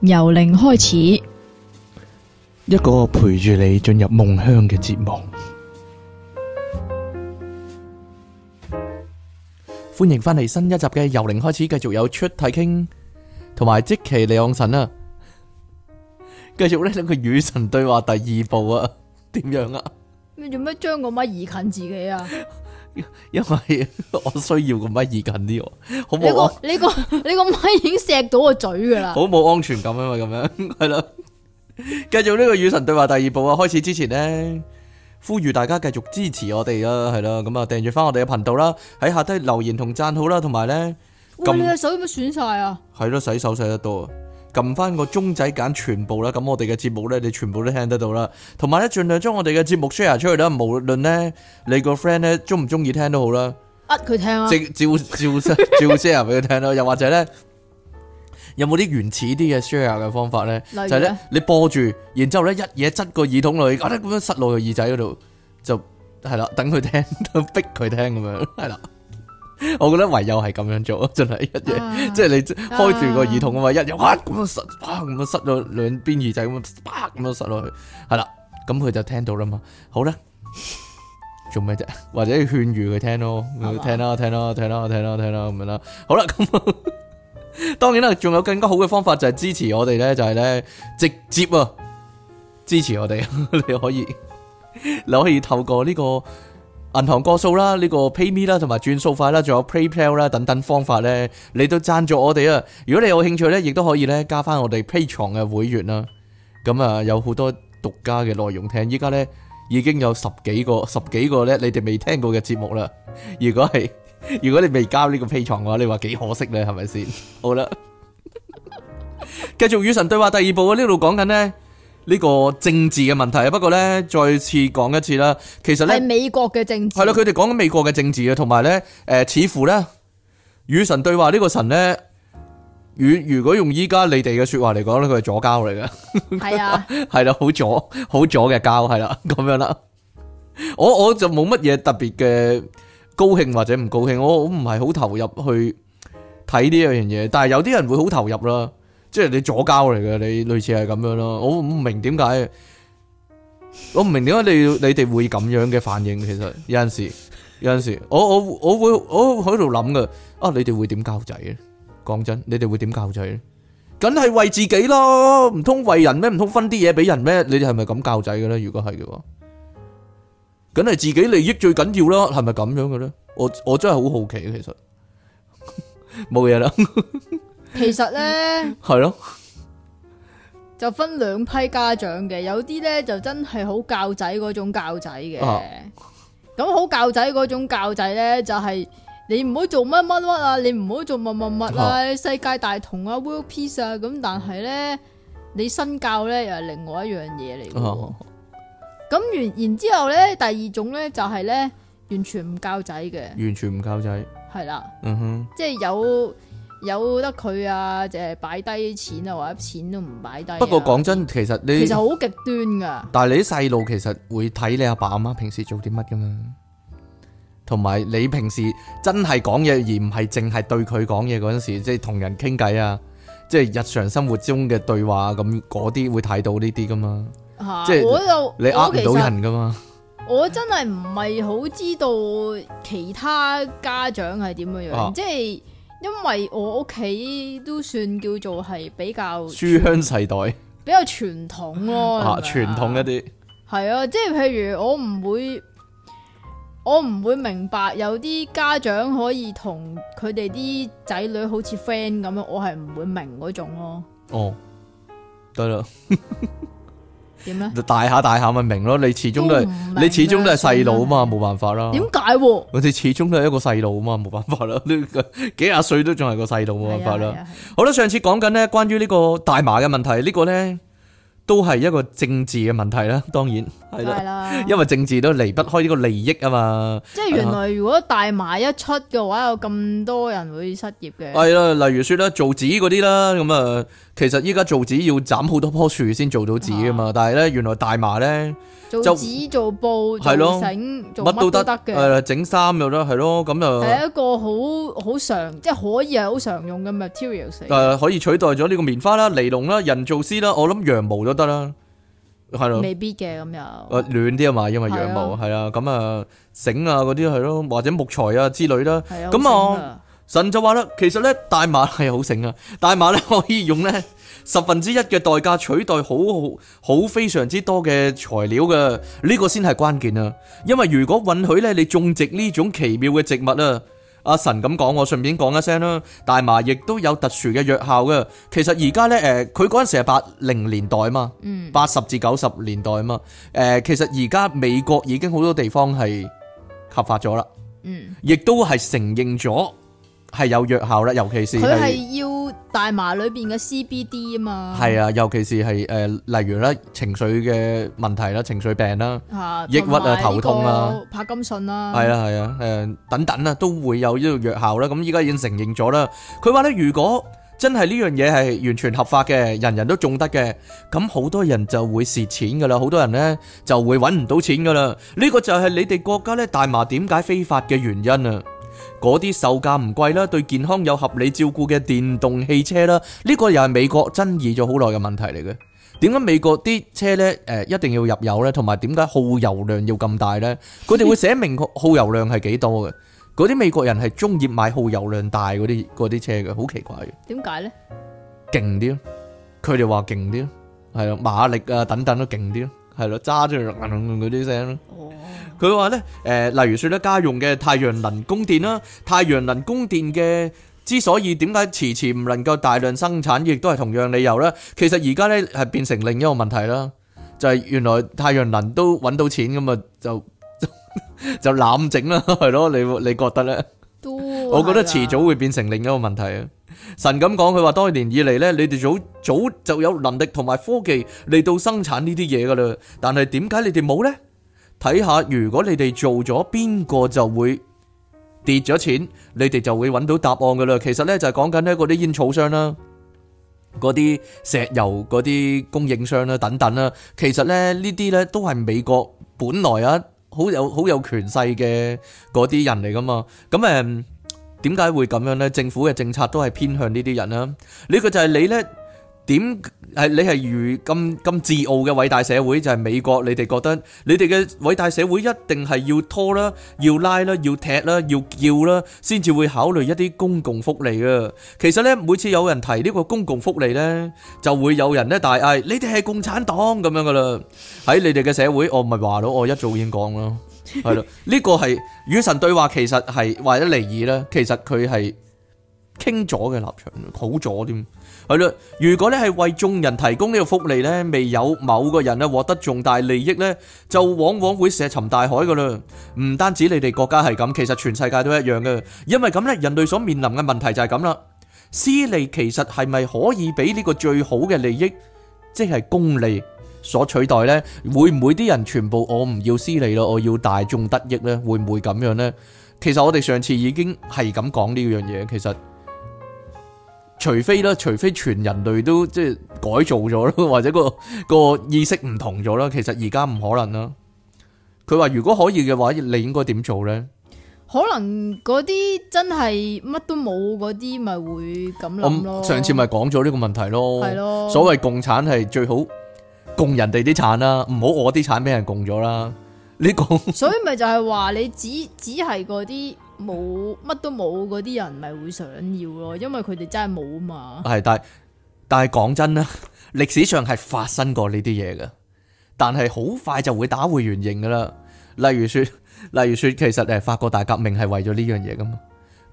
由零開始，一個陪住你進入夢鄉嘅節目。歡迎翻嚟新一集嘅由零開始，繼續有出體傾同埋即期李昂臣啊！繼續咧兩個與神對話第二部啊，點樣啊？你做咩將我媽移近自己啊？ 因為我需要個咪移近啲，好冇啊！呢個呢個呢個麥已經錫到我嘴噶啦，好冇安全感啊嘛咁樣，係啦個。繼 續呢個與神對話第二部啊！開始之前呢，呼籲大家繼續支持我哋啊，係啦。咁啊，訂閱返我哋嘅頻道啦，喺下低留言同讚好啦，同埋咧咁。喂按你嘅手有冇損晒啊？係咯，洗手洗得多。撳翻個鐘仔揀全部啦，咁我哋嘅節目咧，你全部都聽得到啦。同埋咧，盡量將我哋嘅節目 share 出去啦。無論咧你個 friend 咧中唔中意聽都好啦，逼佢聽啊，照照照照 share 俾佢聽咯。 又或者咧，有冇啲原始啲嘅 share 嘅方法咧？例如咧？就係咧，你播住，然之後咧一嘢執個耳筒落嚟，我咧咁樣塞落個耳仔嗰度，就係啦，等佢聽， 逼佢聽咁樣，係啦。我覺得唯有係咁樣做，真係一樣，嗯、即係你開住個耳筒啊嘛，嗯、一日哇咁樣塞，哇咁樣塞咗兩邊耳仔咁樣，啪咁樣塞落去，係啦，咁佢就聽到啦嘛。好咧，做咩啫？或者勸喻佢聽，吧聽咯，聽啦，聽啦，聽啦，聽啦，聽啦，咁樣啦。好啦，咁當然啦，仲有更加好嘅方法就係支持我哋咧，就係、是、咧直接啊支持我哋， 你可以你可以透過呢、這個。銀行個數啦，呢、這個 PayMe 啦，同埋轉數快啦，仲有 PayPal 啦等等方法呢，你都贊助我哋啊！如果你有興趣呢，亦都可以呢，加翻我哋 pay 床嘅會員啦。咁、嗯、啊，有好多獨家嘅內容聽。依家呢，已經有十幾個十幾個呢，你哋未聽過嘅節目啦。如果係如果你未交呢個 pay 床嘅話，你話幾可惜呢？係咪先？好啦，繼 續與神對話第二部啊！呢度講緊呢。呢個政治嘅問題啊，不過咧，再次講一次啦，其實咧係美國嘅政治係咯，佢哋講緊美國嘅政治啊，同埋咧，誒、呃，似乎咧與神對話呢個神咧，如如果用依家你哋嘅説話嚟講咧，佢係左膠嚟嘅，係啊，係啦， 好咗，好咗嘅膠，係啦，咁樣啦，我我就冇乜嘢特別嘅高興或者唔高興，我我唔係好投入去睇呢樣嘢，但係有啲人會好投入啦。即係你左膠嚟嘅，你類似係咁樣咯。我唔明點解，我唔明點解你你哋會咁樣嘅反應。其實有陣時，有陣時我，我我我會我喺度諗㗎。啊，你哋會點教仔啊？講真，你哋會點教仔咧？梗係為自己咯，唔通為人咩？唔通分啲嘢俾人咩？你哋係咪咁教仔嘅咧？如果係嘅話，梗係自己利益最緊要咯。係咪咁樣嘅咧？我我真係好好奇，其實冇嘢啦。 沒事了笑其實咧，係咯了，就分兩批家長嘅，有啲咧就真係好教仔嗰種教仔嘅，咁好、啊、教仔嗰種教仔咧就係、是、你唔好做乜乜乜啊，你唔好做乜乜乜啊，啊世界大同啊，World Peace 啊，咁但係咧你身教咧又係另外一樣嘢，嚟。咁、啊、完然之後咧，第二種咧就係咧完全唔教仔嘅，完全唔教，教仔，係啦的，嗯哼，即係有。有得佢啊，就係擺低錢啊，或者錢都唔擺低。不過講真，其實你其實好極端噶。但係你啲細路其實會睇你阿爸阿媽平時做啲乜噶嘛，同埋你平時真係講嘢而唔係淨係對佢講嘢嗰陣時，即係同人傾偈啊，即係日常生活中嘅對話咁，嗰啲會睇到呢啲噶嘛？啊、即係我又你呃唔到人噶嘛？我真係唔係好知道其他家長係點嘅樣樣，啊、即係。因為我屋企都算叫做係比較書香世代，比較傳統咯，啊，傳統一啲，係啊，即係譬如我唔會，我唔會明白有啲家長可以同佢哋啲仔女好似 friend 咁樣，我係唔會明嗰種咯。哦，對啦。 點咧？大下大下咪明咯，你始終都係你始終都係細路啊嘛，冇了辦法啦。點解？我哋始終都係一個細路啊嘛，冇辦法啦。呢幾廿歲都仲係個細路，冇的辦法啦。好啦，上次講緊咧，關於呢個大麻嘅問題，這個、呢個咧，都係一個政治嘅問題啦，當然係啦，因為政治都離不開呢個利益啊嘛。即係原來如果大麻一出嘅話，有咁多人會失業嘅。係啦，例如說咧，造紙嗰啲啦，咁啊，其實依家造紙要斬好多棵樹先做到紙啊嘛，的但係咧，原來大麻咧。做紙做布做繩，乜都得嘅。誒，整衫又得，係咯，咁又係一個好好常即係可以係好常用嘅 material。誒，可以取代咗呢個棉花啦、尼龍啦、人造絲啦，我諗羊毛都得啦，係咯。未必嘅咁樣誒，暖啲啊嘛，因為羊毛係啊，咁啊繩啊嗰啲係咯，或者木材啊之類啦，咁啊。神就話啦，其實咧大麻係好醒啊，大麻咧可以用咧十分之一嘅代價取代好好好非常之多嘅材料㗎。呢、這個先係關鍵啊。因為如果允許咧，你種植呢種奇妙嘅植物啊，阿神咁講，我順便講一聲啦。大麻亦都有特殊嘅藥效㗎。其實而家咧，誒、呃，佢嗰陣時係八零年代啊嘛，嗯，八十至九十年代啊嘛，誒、呃，其實而家美國已經好多地方係合法咗啦，嗯，亦都係承認咗。係有藥效啦，尤其是佢係要大麻裏邊嘅 CBD 啊嘛。係啊，尤其是係誒、呃，例如咧情緒嘅問題啦，情緒病啦，啊、抑鬱、這個、痛啊，頭痛啊，帕金信帕金遜啦，係啊係啊誒等等啊，都會有呢個藥效啦。咁依家已經承認咗啦。佢話咧，如果真係呢樣嘢係完全合法嘅，人人都種得嘅，咁好多人就會蝕錢噶啦，好多人咧就會揾唔到錢噶啦。呢、這個就係你哋國家咧大麻點解非法嘅原因啊！嗰啲售價唔貴啦，對健康有合理照顧嘅電動汽車啦，呢個又係美國爭議咗好耐嘅問題嚟嘅。點解美國啲車呢，誒一定要入油呢，同埋點解耗油量要咁大呢？佢哋會寫明個耗油量係幾多嘅？嗰啲美國人係中意買耗油量大嗰啲嗰啲車嘅，好奇怪嘅。點解呢？勁啲咯，佢哋話勁啲咯，係咯，馬力啊等等都勁啲咯。係咯，揸住嗰啲聲咯。佢話咧，誒、哦呃，例如說咧，家用嘅太陽能供電啦，太陽能供電嘅之所以點解遲遲唔能夠大量生產，亦都係同樣理由啦。其實而家咧係變成另一個問題啦，就係、是、原來太陽能都揾到錢咁啊，就就攬整啦，係 咯？你你覺得咧？我覺得遲早會變成另一個問題啊。神咁講，佢話多年以嚟，呢，你哋早早就有能力同埋科技嚟到生產呢啲嘢噶啦，但係點解你哋冇呢？睇下如果你哋做咗邊個就會跌咗錢，你哋就會揾到答案噶啦。其實呢，就係講緊呢嗰啲煙草商啦，嗰啲石油嗰啲供應商啦，等等啦。其實咧呢啲呢，都係美國本來啊好有好有權勢嘅嗰啲人嚟噶嘛。咁、嗯、誒。點解會咁樣咧？政府嘅政策都係偏向呢啲人啦。呢個就係你咧，點係你係如咁咁自傲嘅偉大社會就係美國？你哋覺得你哋嘅偉大社會一定係要拖啦、要拉啦、要踢啦、要叫啦，先至會考慮一啲公共福利啊。其實咧，每次有人提呢個公共福利咧，就會有人咧大嗌：你哋係共產黨咁樣噶啦！喺你哋嘅社會，我唔係話咯，我一早已經講咯。係咯，呢個係與神對話，其實係為咗利益咧。其實佢係傾左嘅立場，好左添。係咯，如果你係為眾人提供呢個福利咧，未有某個人咧獲得重大利益咧，就往往會石沉大海噶啦。唔單止你哋國家係咁，其實全世界都一樣嘅。因為咁咧，人類所面臨嘅問題就係咁啦。私利其實係咪可以俾呢個最好嘅利益，即係公利？所取代呢，會唔會啲人全部我唔要私利咯，我要大眾得益呢？會唔會咁樣呢？其實我哋上次已經係咁講呢樣嘢，其實除非咧，除非全人類都即係改造咗咯，或者個個意識唔同咗啦，其實而家唔可能啦。佢話：如果可以嘅話，你應該點做呢？可能嗰啲真係乜都冇嗰啲，咪會咁諗咯。上次咪講咗呢個問題咯，係咯。所謂共產係最好。供人哋啲產啦，唔好我啲產俾人供咗啦。呢個，所以咪就係話你只只係嗰啲冇乜都冇嗰啲人咪會想要咯，因為佢哋真係冇嘛。係，但係但係講真啦，歷史上係發生過呢啲嘢㗎，但係好快就會打回原形噶啦。例如說，例如說，其實誒法國大革命係為咗呢樣嘢噶嘛。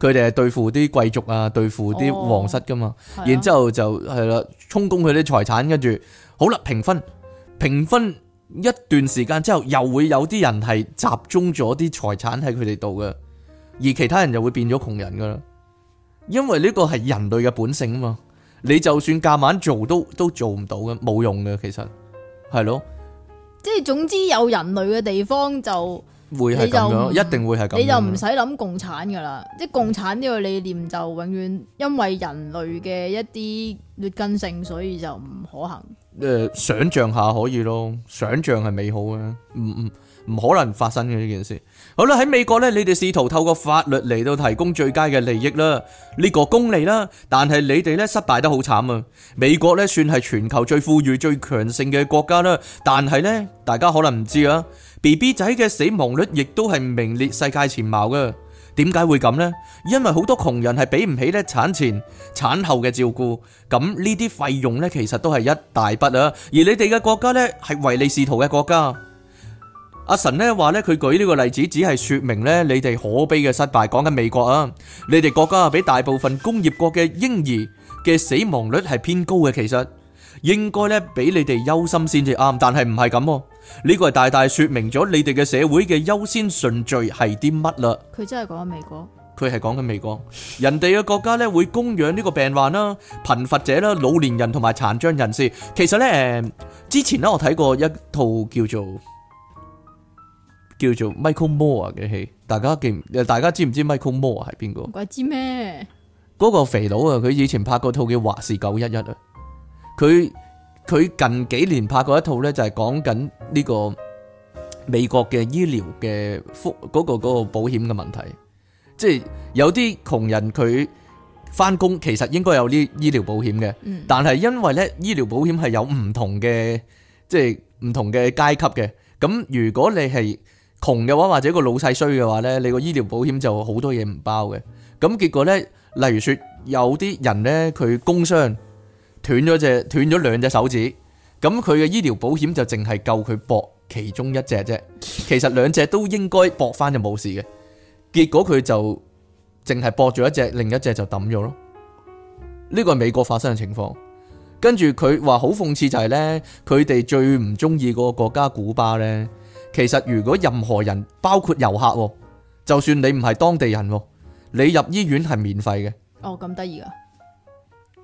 佢哋係對付啲貴族啊，對付啲皇室噶嘛，的然之後就係啦，充公佢啲財產，跟住好啦，平分，平分一段時間之後，又會有啲人係集中咗啲財產喺佢哋度嘅，而其他人就會變咗窮人噶啦，因為呢個係人類嘅本性啊嘛，你就算夾硬做都都做唔到嘅，冇用嘅，其實係咯，即係總之有人類嘅地方就。會係咁樣，一定會係咁。你就唔使諗共產噶啦，即係共產呢個理念就永遠，因為人類嘅一啲劣根性，所以就唔可行。誒，想象下可以咯，想象係美好嘅，唔唔唔可能發生嘅呢件事。好啦，喺美國呢，你哋試圖透過法律嚟,到提供最佳嘅利益啦，呢個公利啦，但係你哋呢失敗得好慘啊！美國呢算係全球最富裕、最強盛嘅國家啦，但係呢大家可能唔知啊。B B 仔嘅死亡率亦都係名列世界前茅嘅，點解會咁呢？因為好多窮人係比唔起咧，產前、產後嘅照顧，咁呢啲費用呢，其實都係一大筆啊！而你哋嘅國家呢，係唯利是圖嘅國家，阿神呢話呢，佢舉呢個例子只係說明呢你哋可悲嘅失敗，講緊美國啊，你哋國家啊比大部分工業國嘅嬰兒嘅死亡率係偏高嘅，其實。應該咧俾你哋憂心先至啱，但係唔係咁，呢個係大大說明咗你哋嘅社會嘅優先順序係啲乜啦。佢真係講緊美國，佢係講緊美國，人哋嘅國家咧會供養呢個病患啦、貧乏者啦、老年人同埋殘障人士。其實咧，誒，之前咧我睇過一套叫做叫做 Michael Moore 嘅戲，大家記唔？大家知唔知 Michael Moore 係邊個？怪知咩？嗰個肥佬啊，佢以前拍過套叫《華氏九一一》啊。佢佢近幾年拍過一套咧，就係講緊呢個美國嘅醫療嘅覆嗰個嗰個保險嘅問題，即係有啲窮人佢返工其實應該有啲醫療保險嘅，嗯、但係因為咧醫療保險係有唔同嘅，即係唔同嘅階級嘅。咁如果你係窮嘅話，或者個老細衰嘅話咧，你個醫療保險就好多嘢唔包嘅。咁結果咧，例如說有啲人咧，佢工傷，斷咗隻，斷咗兩隻手指，咁佢嘅醫療保險就淨係夠佢駁其中一隻啫。其實兩隻都應該駁返就冇事嘅，結果佢就淨係駁咗一隻，另一隻就抌咗咯。呢個係美國發生嘅情況，跟住佢話好諷刺就係呢，佢哋最唔中意嗰個國家古巴呢。其實如果任何人包括遊客，就算你唔係當地人，你入醫院係免費嘅。哦，咁得意啊！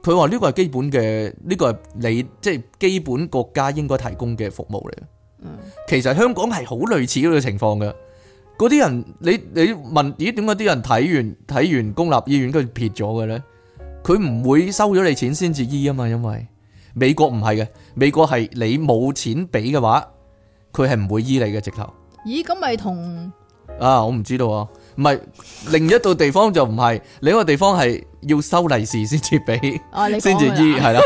佢話呢個係基本嘅，呢個係你即係基本國家應該提供嘅服務嚟嘅。嗯、其實香港係好類似呢個情況嘅。嗰啲人，你你問咦，點解啲人睇完睇完公立醫院佢撇咗嘅咧？佢唔會收咗你錢先至醫啊嘛？因為美國唔係嘅，美國係你冇錢俾嘅話，佢係唔會醫你嘅直頭。咦？咁咪同啊？我唔知道啊。唔係另一度地方就唔係。另一個地方係要收利是先至俾，先至醫係啦。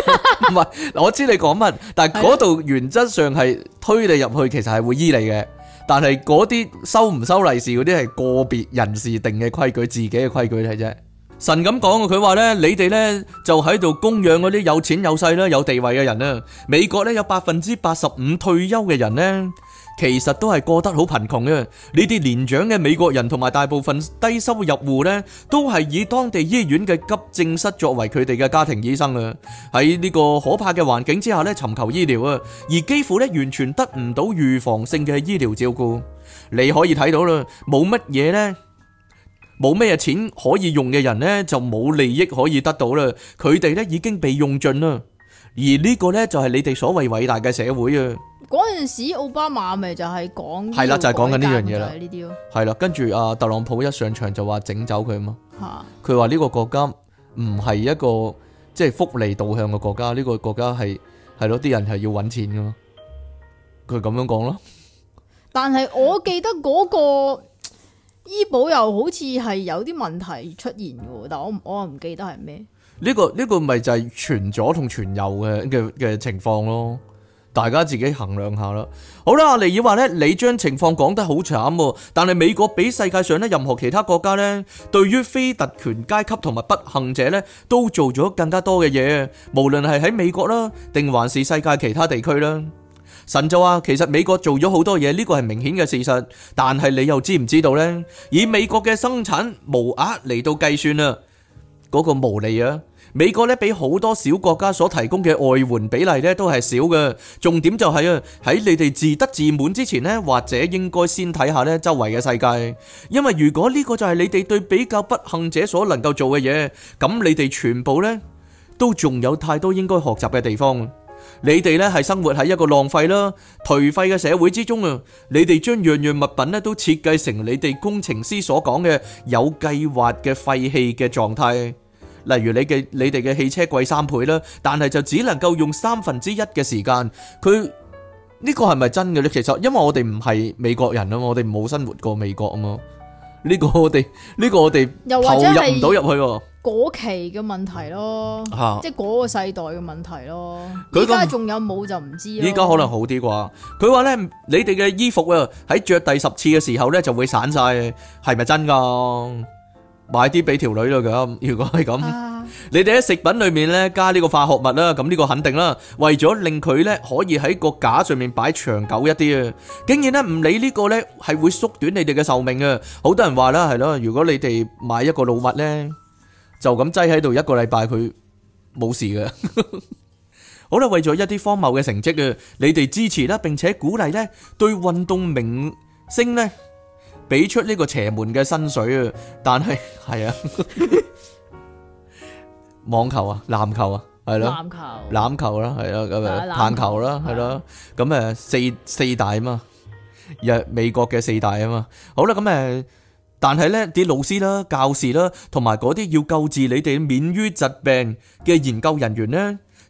唔係，嗱，我知你講乜。但嗰度原則上係推你入去，其實係會醫你嘅。但係嗰啲收唔收利是嗰啲係個別人士定嘅規矩，自己嘅規矩嚟啫。神咁講啊。佢話呢，你哋呢就喺度供養嗰啲有錢有勢啦、有地位嘅人啦。美國呢，有百分之八十五退休嘅人呢。其實都係過得好貧窮嘅，呢啲年長嘅美國人同埋大部分低收入戶呢，都係以當地醫院嘅急症室作為佢哋嘅家庭醫生啊。喺呢個可怕嘅環境之下呢，尋求醫療啊，而幾乎呢完全得唔到預防性嘅醫療照顧。你可以睇到啦，冇乜嘢呢，冇咩錢可以用嘅人呢，就冇利益可以得到啦。佢哋呢已經被用盡啦。而呢個呢，就係、是、你哋所謂偉大嘅社會啊！嗰陣時奧巴馬咪就係講係啦，就係講緊呢樣嘢啦。咯係啦，跟住阿特朗普一上場就話整走佢嘛。吓佢話呢個國家唔係一個即係、就是、福利導向嘅國家，呢、這個國家係係咯，啲人係要揾錢噶嘛。佢咁樣講咯。但係我記得嗰、那個醫保又好似係有啲問題出現噶，但我我又唔記得係咩。呢個呢個咪就係全左同全右嘅嘅嘅情況咯，大家自己衡量下啦。好啦，阿尼爾話咧，你將情況講得好慘喎，但係美國比世界上咧任何其他國家咧，對於非特權階級同埋不幸者咧，都做咗更加多嘅嘢，無論係喺美國啦，定還是世界其他地區啦。神就話其實美國做咗好多嘢，呢個係明顯嘅事實，但係你又知唔知道咧？以美國嘅生產無額嚟到計算啊，嗰個毛利啊！美國咧比好多小國家所提供嘅外援比例咧都係少嘅。重點就係啊，喺你哋自得自滿之前咧，或者應該先睇下咧周圍嘅世界。因為如果呢個就係你哋對比較不幸者所能夠做嘅嘢，咁你哋全部咧都仲有太多應該學習嘅地方。你哋咧係生活喺一個浪費啦、頹廢嘅社會之中啊！你哋將樣樣物品咧都設計成你哋工程師所講嘅有計劃嘅廢棄嘅狀態。例如你嘅你哋嘅汽車貴三倍啦，但係就只能夠用三分之一嘅時間，佢呢個係咪真嘅咧？其實因為我哋唔係美國人啊嘛，我哋冇生活過美國啊嘛，呢個我哋呢個我哋又投入唔到入去喎。嗰期嘅問題咯，啊、即係嗰個世代嘅問題咯。佢而家仲有冇就唔知咯。而家可能好啲啩。佢話咧，你哋嘅衣服喺着第十次嘅時候咧就會散晒，係咪真噶？買啲俾條女啦咁，如果係咁，你哋喺食品裏面咧加呢個化學物啦，咁呢個肯定啦。為咗令佢咧可以喺個架上面擺長久一啲啊，竟然咧唔理呢個咧係會縮短你哋嘅壽命啊！好多人話啦，係咯，如果你哋買一個老物咧，就咁擠喺度一個禮拜佢冇事嘅。好啦，為咗一啲荒謬嘅成績啊，你哋支持啦，並且鼓勵咧，對運動明星咧。俾出呢個邪門嘅薪水啊！但係係啊，網球啊，籃球啊，係咯、啊，籃球，籃球啦、啊，係啦、啊，咁誒、啊，籃球啦、啊，係咯、啊，咁誒、啊，四四大啊嘛，日美國嘅四大啊嘛，好啦，咁誒，但係咧啲老師啦、教士啦，同埋嗰啲要救治你哋免於疾病嘅研究人員咧。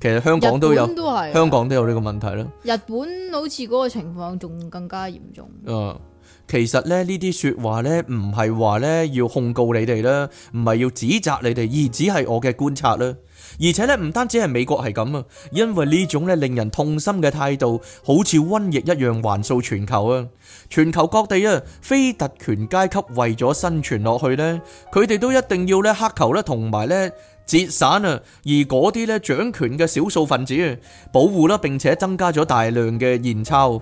其實香港都有，香港都有呢個問題啦。日本好似嗰個情況仲更加嚴重。嗯，其實咧呢啲說話咧唔係話咧要控告你哋啦，唔係要指責你哋，而只係我嘅觀察啦。而且咧唔單止係美國係咁啊，因為呢種咧令人痛心嘅態度，好似瘟疫一樣橫掃全球啊！全球各地啊，非特權階級為咗生存落去咧，佢哋都一定要咧乞求咧，同埋咧。節省啊，而嗰啲咧掌權嘅少數分子保護啦，並且增加咗大量嘅現鈔，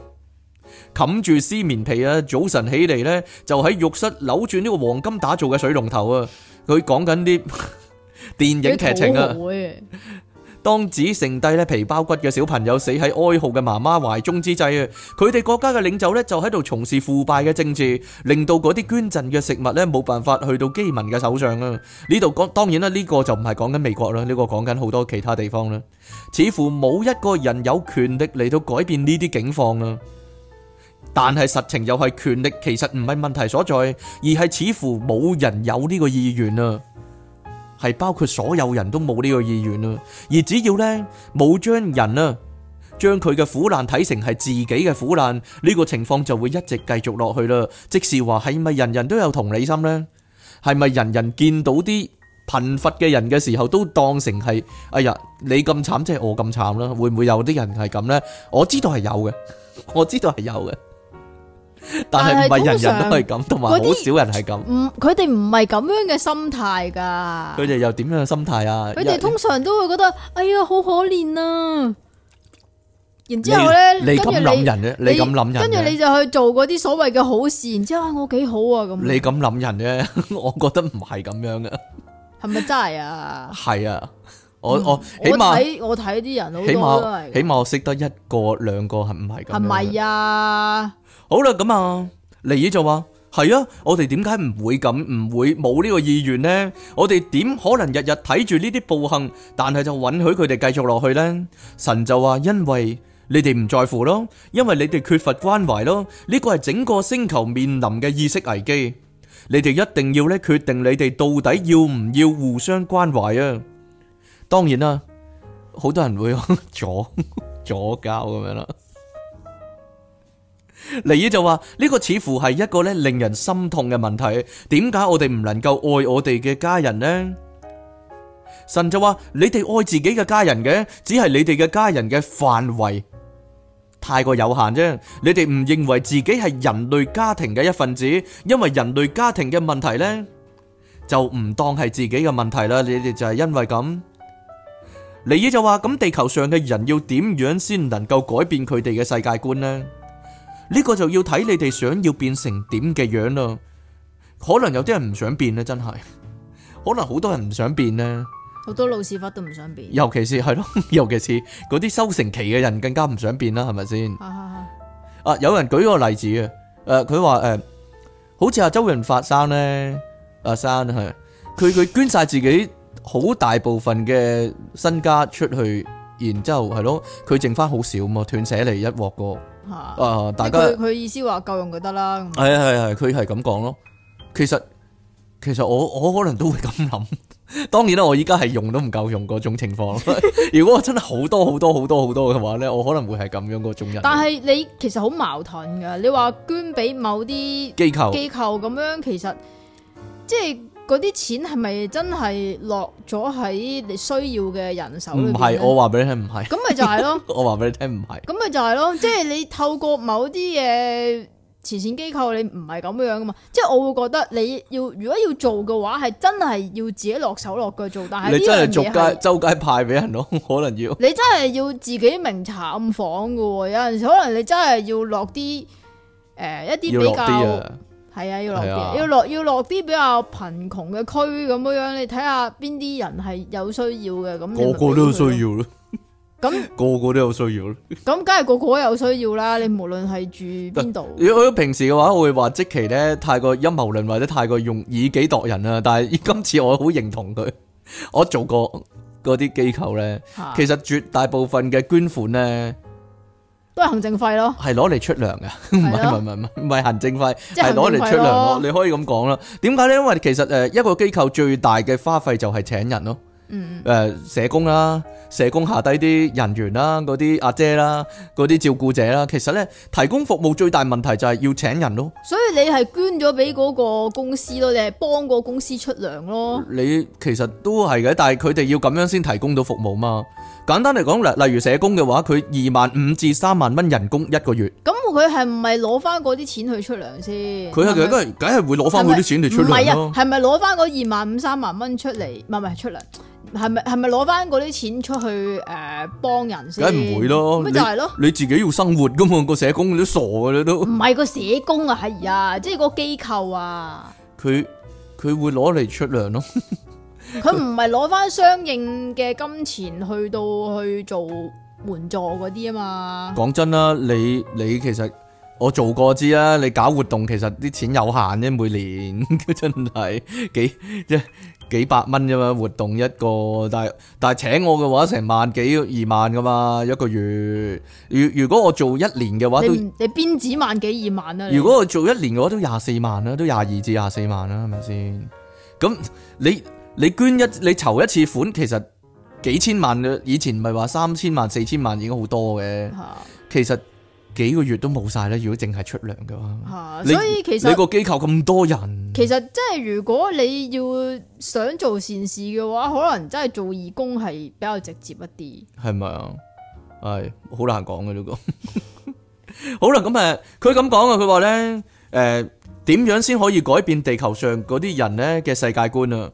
冚住絲綿被啊，早晨起嚟咧就喺浴室扭轉呢個黃金打造嘅水龍頭啊，佢講緊啲電影劇情啊。當只剩低咧皮包骨嘅小朋友死喺哀號嘅媽媽懷中之際啊，佢哋國家嘅領袖咧就喺度從事腐敗嘅政治，令到嗰啲捐贈嘅食物咧冇辦法去到飢民嘅手上啊！呢度講當然啦，呢、這個就唔係講緊美國啦，呢、這個講緊好多其他地方啦。似乎冇一個人有權力嚟到改變呢啲境況啊！但係實情又係權力其實唔係問題所在，而係似乎冇人有呢個意願啊！係包括所有人都冇呢個意願啦，而只要呢冇將人啊，將佢嘅苦難睇成係自己嘅苦難，呢個情況就會一直繼續落去啦。即是話係咪人人都有同理心呢，係咪人人見到啲貧乏嘅人嘅時候都當成係哎呀，你咁慘即係我咁慘啦？會唔會有啲人係咁呢？我知道係有嘅，我知道係有嘅。但係唔係人人都係咁，同埋好少人係咁。唔，佢哋唔係咁樣嘅心態噶。佢哋又點樣嘅心態啊？佢哋通常都會覺得，哎呀，好可憐啊！然之後咧，跟住你，你咁諗人啫，你咁諗人。跟住你就去做嗰啲所謂嘅好事，然之後話我幾好啊咁。你咁諗人啫，我覺得唔係咁樣嘅。係咪真係啊？係啊，我我起碼我睇我睇啲人好多，起碼起碼我識得一個兩個係唔係咁。係咪啊？好啦，咁啊，尼爾就話係啊，我哋點解唔會咁，唔會冇呢個意願呢？我哋點可能日日睇住呢啲暴行，但係就允許佢哋繼續落去呢？神就話：因為你哋唔在乎咯，因為你哋缺乏關懷咯。呢個係整個星球面臨嘅意識危機。你哋一定要咧決定你哋到底要唔要互相關懷啊！當然啦、啊，好多人會左左膠咁樣啦。尼爾就話呢、這個似乎係一個咧令人心痛嘅問題，點解我哋唔能夠愛我哋嘅家人呢？神就話，你哋愛自己嘅家人嘅，只係你哋嘅家人嘅範圍太過有限啫。你哋唔認為自己係人類家庭嘅一份子，因為人類家庭嘅問題呢，就唔當係自己嘅問題啦。你哋就係因為咁。尼爾就話咁地球上嘅人要點樣先能夠改變佢哋嘅世界觀呢？呢個就要睇你哋想要變成點嘅樣咯，可能有啲人唔想變啦，真係，可能好多人唔想變咧，好多老屎忽都唔想變尤。尤其是係咯，尤其是嗰啲收成期嘅人更加唔想變啦，係咪先？ 啊有人舉個例子嘅，誒、啊，佢話誒，好似阿周潤發生咧，阿、啊、生係，佢佢捐晒自己好大部分嘅身家出去，然之後係咯，佢剩翻好少嘛，斷捨離一鑊過。啊！大家佢意思話夠用就得啦。係啊係啊，佢係咁講咯。其實其實我我可能都會咁諗。當然啦，我依家係用都唔夠用嗰種情況。 如果我真係好多好多好多好多嘅話咧，我可能會係咁樣嗰種人。但係你其實好矛盾噶。你話捐俾某啲機構機構咁樣，其實即係。嗰啲錢係咪真係落咗喺你需要嘅人手呢？唔係，我話俾你聽，唔 係。咁咪就係咯。我話俾你聽，唔係。咁咪就係咯。即係你透過某啲嘅慈善機構，你唔係咁樣噶嘛？即係我會覺得你要如果要做嘅話，係真係要自己落手落腳做。但係你真係逐街是周街派俾人咯，可能要。 你真係要自己明查暗訪嘅喎。有陣時可能你真係要落啲誒一啲、呃、比較。係啊，要落啲、啊，要落要落啲比較貧窮嘅區咁樣樣，你睇下邊啲人係有需要嘅咁。個個都有需要咯。咁那個個都有需要咯。咁梗係個個都有需要啦。你無論係住邊度。如果平時嘅話，我會話即期咧太過陰謀論或者太過用以己度人啊。但係今次我好認同佢，我做過嗰啲機構咧，其實絕大部分嘅捐款咧。都係行政費咯，係攞嚟出糧嘅，唔係唔係唔係唔係行政費，係攞嚟出糧咯。你可以咁講啦。點解咧？因為其實誒一個機構最大嘅花費就係請人咯。嗯誒、呃、社工啦、啊，社工下低啲人員啦、啊，嗰啲阿姐啦、啊，嗰啲照顧者啦、啊，其實咧提供服務最大問題就係要請人咯。所以你係捐咗俾嗰個公司咯，你係幫個公司出糧咯。你其實都係嘅，但係佢哋要咁樣先提供到服務嘛。簡單嚟講，例例如社工嘅話，佢二萬五至三萬蚊人工一個月。咁佢係唔係攞翻嗰啲錢去出糧先？佢係佢梗係會攞翻嗰啲錢嚟出糧咯。係咪攞翻嗰二萬五三萬蚊出嚟？唔係唔係出糧？係咪係咪攞翻嗰啲錢出去？誒、呃，幫人先？梗唔會咯。咪就係咯？你自己要生活噶嘛？個社工你都傻嘅你都。唔係個社工啊，係啊，即係個機構啊。佢佢會攞嚟出糧咯。 佢唔係攞翻相應嘅金錢去到去做援助嗰啲啊嘛。講真啦，你你其實我做過我知啦。你搞活動其實啲錢有限啫，每年呵呵真係幾一幾百蚊啫嘛。活動一個，但但係請我嘅話，成萬幾二萬噶嘛一個月。如如果我做一年嘅話，你邊止萬幾二萬啊？如果我做一年嘅話，、啊、話，都廿四萬啦，都廿二至廿四萬啦，係咪先？咁你？你捐一你籌一次款，其實幾千萬嘅，以前唔係話三千萬四千萬已經好多嘅。啊、其實幾個月都冇晒咧，如果淨係出糧嘅話。吓、啊，所以其實你個機構咁多人，其實即係如果你要想做善事嘅話，可能真係做義工係比較直接一啲。係咪啊？係好難講嘅呢個。 好啦，咁、嗯、誒，佢咁講啊，佢話咧，誒、嗯，點樣先可以改變地球上嗰啲人咧嘅世界觀啊？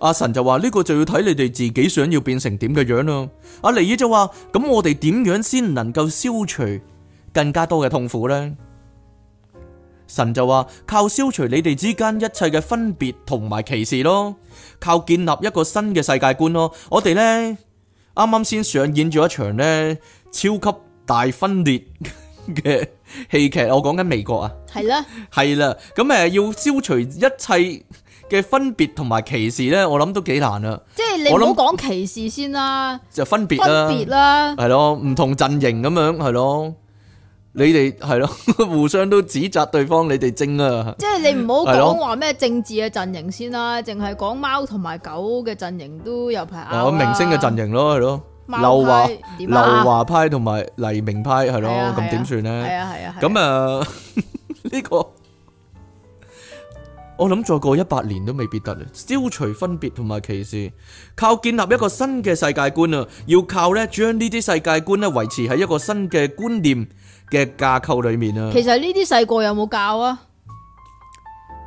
阿神就話呢、這個就要睇你哋自己想要變成點嘅樣咯。阿、啊、尼爾就話，咁我哋點樣先能夠消除更加多嘅痛苦呢？神就話，靠消除你哋之間一切嘅分別同埋歧視咯，靠建立一個新嘅世界觀咯。我哋呢，啱啱先上演咗一場呢超級大分裂嘅戲劇，我講緊美國啊，係啦的，係啦， 咁誒要消除一切。嘅分別同埋歧視咧，我諗都幾難啊。即係你唔好講歧視先啦，就分別啦，分別啦，係咯，唔同陣營咁樣，係咯，你哋係咯，互相都指責對方，你哋精啊！即係你唔好講話咩政治嘅陣營先啦，淨係講貓同埋狗嘅陣營都有排拗。明星嘅陣營咯，係咯，劉華劉華派同埋黎明派係咯，咁點算咧？係啊係啊，咁啊呢個。我諗再過一百年都未必得咧，消除分別同埋歧視，靠建立一個新嘅世界觀啊！要靠咧將呢啲世界觀咧維持喺一個新嘅觀念嘅架構裏面啊！其實呢啲細個有冇教啊？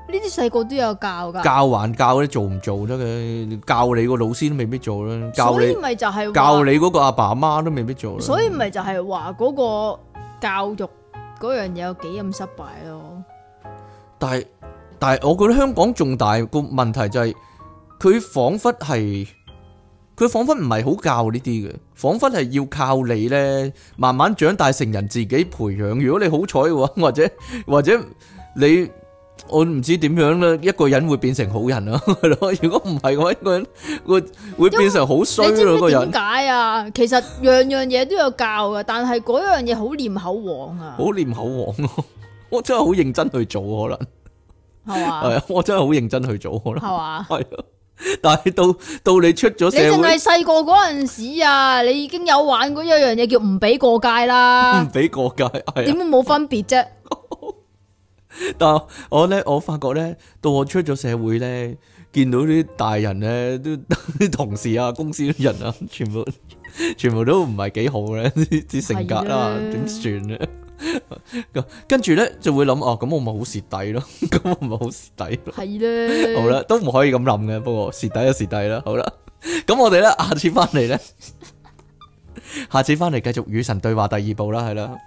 呢啲細個都有教噶，教還教咧做唔做得嘅？教你個老師都未必做啦，教，所以咪就係教你嗰個阿爸阿媽都未必做啦，所以咪就係話嗰個教育嗰樣嘢有幾咁失敗咯？但係。但係，我覺得香港重大個問題就係佢彷彿係佢彷彿唔係好教呢啲嘅，彷彿係要靠你咧慢慢長大成人自己培養。如果你好彩嘅話，或者或者你我唔知點樣啦，一個人會變成好人咯，係咯。如果唔係，我一個人會會變成好衰咯。個人點解啊？其實樣樣嘢都有教㗎，但係嗰樣嘢好唸口黃啊！好唸口黃，我真係好認真去做可能。係啊，我真係好認真去做咯。係啊，但係到到你出咗，你淨係細個嗰陣時啊，你已經有玩過一樣嘢叫唔俾過界啦。唔俾過界係點會冇分別啫？但係我咧，我發覺咧，到我出咗社會咧，見到啲大人咧，都啲同事啊，公司啲人啊，全部全部都唔係幾好嘅，啲啲性格啊，點算咧？ 跟住咧就會諗哦，咁、啊、我咪 的 好蝕底咯，咁我咪好蝕底咯，係咧，好啦，都唔可以咁諗嘅，不過蝕底就蝕底啦，好啦，咁 我哋咧，下次翻嚟咧，下次翻嚟繼續與神對話第二部啦，係啦。嗯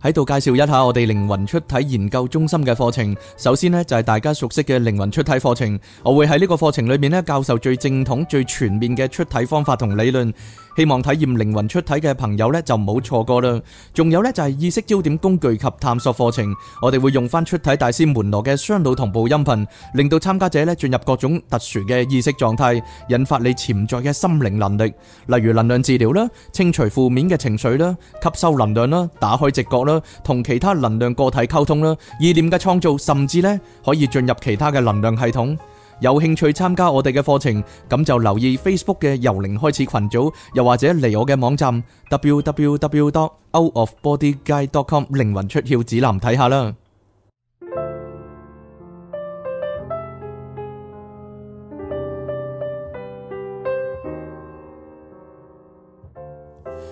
喺度介紹一下我哋靈魂出體研究中心嘅課程。首先呢，就係大家熟悉嘅靈魂出體課程，我會喺呢個課程裏面呢，教授最正統、最全面嘅出體方法同理論。希望體驗靈魂出體嘅朋友咧就唔好錯過啦，仲有咧就係意識焦點工具及探索課程，我哋會用翻出體大師門羅嘅雙腦同步音頻，令到參加者咧進入各種特殊嘅意識狀態，引發你潛在嘅心靈能力，例如能量治療啦、清除負面嘅情緒啦、吸收能量啦、打開直覺啦、同其他能量個體溝通啦、意念嘅創造，甚至呢可以進入其他嘅能量系統。有興趣參加我哋嘅課程，咁就留意 Facebook 嘅由零開始群組，又或者嚟我嘅網站 w w w dot out of body guide dot com 靈魂出竅指南睇下啦。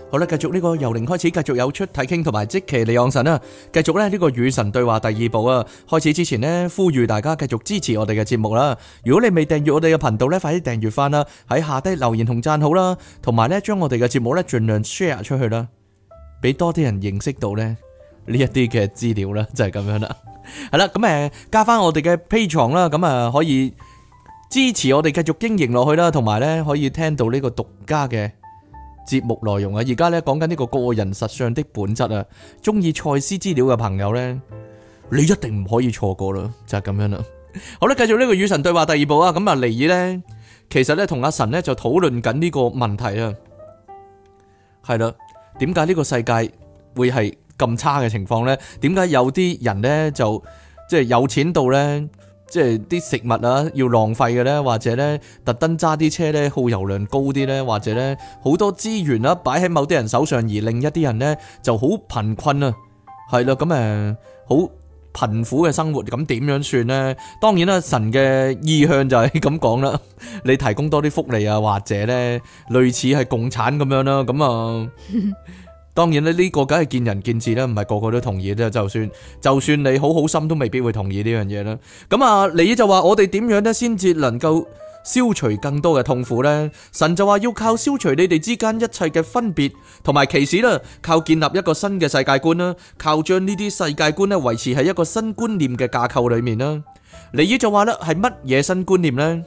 好啦，繼續呢、這個由零開始，繼續有出體傾同埋即期李昂神啦。繼續咧、這、呢個與神對話第二部啊。開始之前呢，呼籲大家繼續支持我哋嘅節目啦。如果你未訂閱我哋嘅頻道呢，快啲訂閱翻啦。喺下低留言同讚好啦，同埋呢，將我哋嘅節目呢，盡量 share 出去啦，俾多啲人認識到呢呢一啲嘅資料啦。就係、是、咁樣啦。係 啦、嗯，咁誒加翻我哋嘅 Patreon 啦，咁啊可以支持我哋繼續經營落去啦，同埋呢，可以聽到呢個獨家嘅。節目內容啊，而家咧，講緊呢個個人實相的本質啊，中意賽斯資料嘅朋友呢，你一定唔可以錯過啦，就係、是、咁樣啦。 好啦，繼續呢個與神對話第二部啊，咁啊，尼爾呢，其實呢，同阿神呢就討論緊呢個問題啊，係啦，點解呢個世界會係咁差嘅情況呢？點解有啲人呢，就即係、就是、有錢到呢？即係啲食物啊，要浪費嘅咧，或者咧特登揸啲車咧耗油量高啲咧，或者咧好多資源啦擺喺某啲人手上，而另一啲人咧就好貧困啊，係啦，咁誒好貧苦嘅生活，咁點樣算咧？當然啦，神嘅意向就係咁講啦， 你提供多啲福利啊，或者咧類似係共產咁樣啦，咁啊。呃 當然咧，呢、這個梗係見仁見智啦，唔係個個都同意啫。就算就算你好好心，都未必會同意呢、嗯、樣嘢啦。咁啊，尼爾就話我哋點樣呢，先至能夠消除更多嘅痛苦呢？神就話要靠消除你哋之間一切嘅分別同埋歧視啦，靠建立一個新嘅世界觀啦，靠將呢啲世界觀咧維持喺一個新觀念嘅架構裏面啦。尼爾就話咧係乜嘢新觀念呢？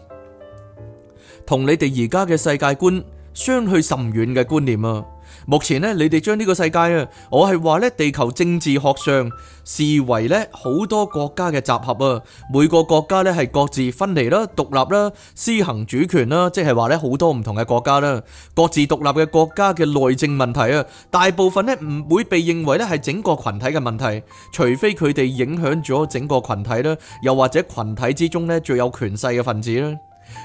同你哋而家嘅世界觀相去甚遠嘅觀念啊！目前咧，你哋將呢個世界啊，我係話咧，地球政治學上視為咧好多國家嘅集合啊。每個國家咧係各自分離啦、獨立啦、施行主權啦，即係話咧好多唔同嘅國家啦，各自獨立嘅國家嘅內政問題啊，大部分咧唔會被認為咧係整個群體嘅問題，除非佢哋影響咗整個群體啦，又或者群體之中咧最有權勢嘅分子啦。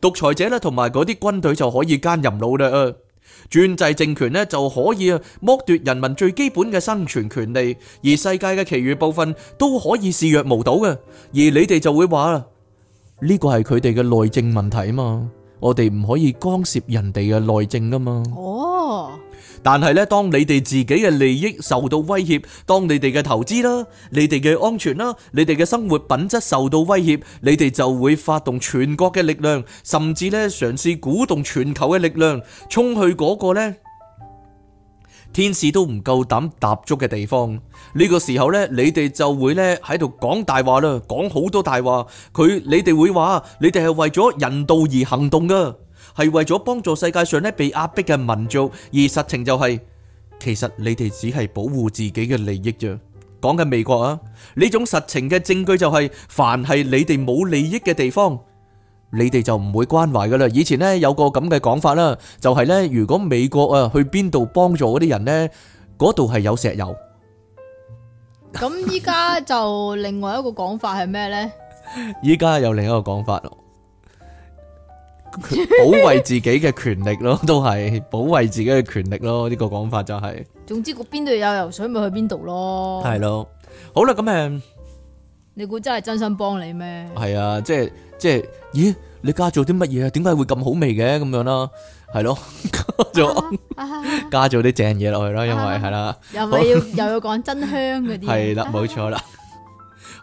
獨裁者咧，同埋嗰啲軍隊就可以奸淫擄掠啦，專制政權咧就可以啊剝奪人民最基本嘅生存權利，而世界嘅其餘部分都可以視若無睹嘅，而你哋就會話啦，呢個係佢哋嘅內政問題啊嘛，我哋唔可以干涉人哋嘅內政啊嘛。哦。但係咧，當你哋自己嘅利益受到威脅，當你哋嘅投資啦、你哋嘅安全啦、你哋嘅生活品質受到威脅，你哋就會發動全國嘅力量，甚至咧嘗試鼓動全球嘅力量，衝去嗰個咧天使都唔夠膽踏足嘅地方。呢個時候咧，你哋就會咧喺度講大話啦，講好多大話。佢，你哋會話，你哋係為咗人道而行動噶。係為咗幫助世界上咧被壓迫嘅民族，而實情就係，其實你哋只係保護自己嘅利益啫。講緊美國啊，呢種實情嘅證據就係，凡係你哋冇利益嘅地方，你哋就唔會關懷噶啦。以前咧有個咁嘅講法啦，就係咧，如果美國啊去邊度幫助嗰啲人咧，嗰度係有石油。咁依家就另外一個講法係咩咧？依家有另一個講法咯。 保衛自己嘅權力咯，都係保衛自己嘅權力咯，呢、這個講法就係、是。總之，邊度有油水咪去邊度咯。係咯，好啦，咁、嗯、誒，你估真係真心幫你咩？係啊，即係即係，咦？你加咗啲乜嘢啊？點解會咁好味嘅咁樣咯？係咯，加咗 加咗啲正嘢落去咯，因為係啦，又要又要講真香嗰啲，係啦，冇錯啦。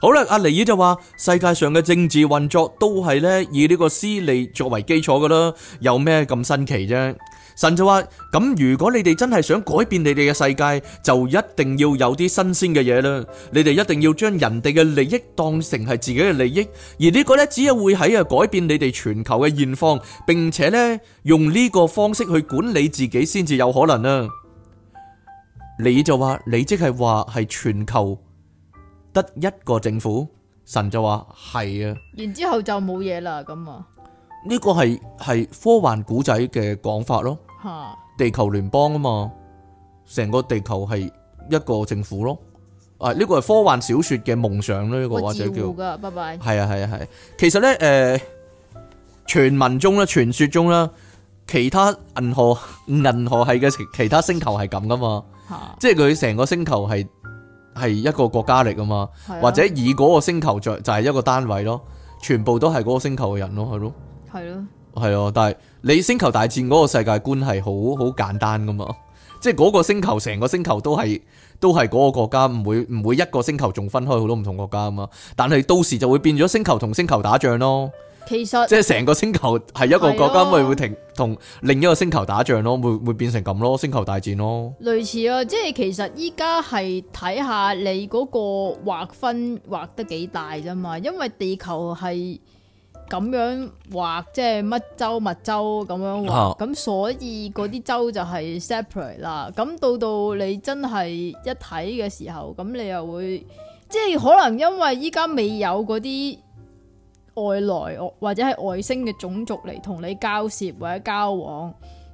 好啦，阿尼爾就話世界上嘅政治運作都係咧以呢個私利作為基礎噶啦，有咩咁新奇啫？神就話，咁如果你哋真係想改變你哋嘅世界，就一定要有啲新鮮嘅嘢啦。你哋一定要將人哋嘅利益當成係自己嘅利益，而呢個呢，只係會喺啊改變你哋全球嘅現況，並且呢，用呢個方式去管理自己先至有可能啊。尼爾就話，你即係話，係全球。得一個政府，神就話係啊，然之後就冇嘢啦，咁啊。呢個係係科幻古仔嘅講法咯，吓，地球聯邦啊嘛，成個地球係一個政府咯，誒呢個係科幻小說嘅夢想咯，呢個或者叫。係啊係啊係，其實咧誒，傳聞中啦，傳說中啦，其他銀河銀河系嘅其他星球係咁噶嘛，吓，即係佢成個星球係。係一個國家嚟噶嘛，啊、或者以嗰個星球著就係、是、一個單位咯，全部都係嗰個星球嘅人咯，係咯，係咯，係咯，但係你星球大戰嗰個世界觀係好好簡單噶嘛，即係嗰個星球成個星球都係都係嗰個國家，唔會唔會一個星球仲分開好多唔同國家啊嘛，但係到時就會變咗星球同星球打仗咯。其實即係成個星球係一個國家，咪會停同另一個星球打仗咯，會會變成咁咯，星球大戰咯，類似啊，即係其實依家係睇下你嗰個劃分劃得幾大啫嘛，因為地球係咁樣劃，即係乜洲乜洲咁樣劃，咁所以嗰啲洲就係 separate 啦。咁到到你真係一睇嘅時候，咁你又會即係可能因為依家未有嗰啲。外來或者係外星嘅種族嚟同你交涉或者交往，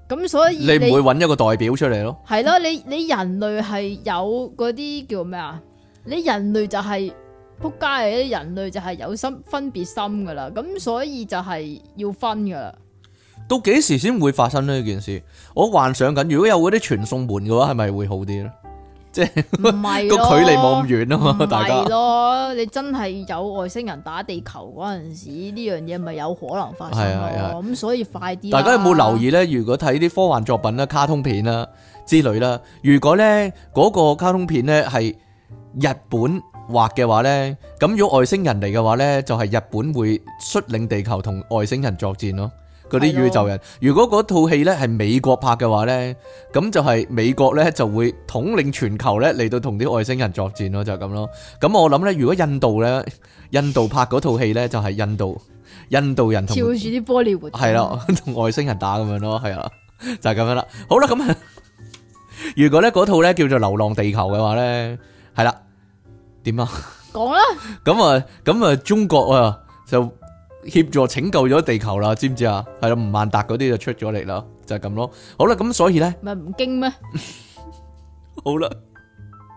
咁所以你唔會揾一個代表出嚟咯，係咯？你你人類係有嗰啲叫咩啊？你人類就係仆街啊！人類就係有心分別心噶啦，咁所以就係要分噶。到幾時先會發生呢件事？我幻想緊，如果有嗰啲傳送門嘅話，係咪會好啲咧？即係個距離冇咁遠啊嘛，大家咯，你真係有外星人打地球嗰陣時，呢樣嘢咪有可能發生咯咁，所以快啲。大家有冇留意咧？如果睇啲科幻作品啦、卡通片啦之類啦，如果咧嗰個卡通片咧係日本畫嘅話咧，咁如果外星人嚟嘅話咧，就係日本會率領地球同外星人作戰咯。嗰啲宇宙人，如果嗰套戲咧係美國拍嘅話咧，咁就係美國咧就會統領全球咧嚟到同啲外星人作戰咯，就係咁咯。咁我諗咧，如果印度咧，印度拍嗰套戲咧就係印度，印度人同照住啲玻璃活係啦，同外星人打咁樣咯，係啊，就係咁樣啦。好啦，咁啊，如果咧嗰套咧叫做《流浪地球》嘅話咧，係啦，點啊？講啦。咁啊，咁啊，中國啊就。協助拯救咗地球啦，知唔知啊？係啦，吳萬達嗰啲就出咗嚟啦，就係咁咯。好啦，咁所以咧，咪唔驚咩？好啦，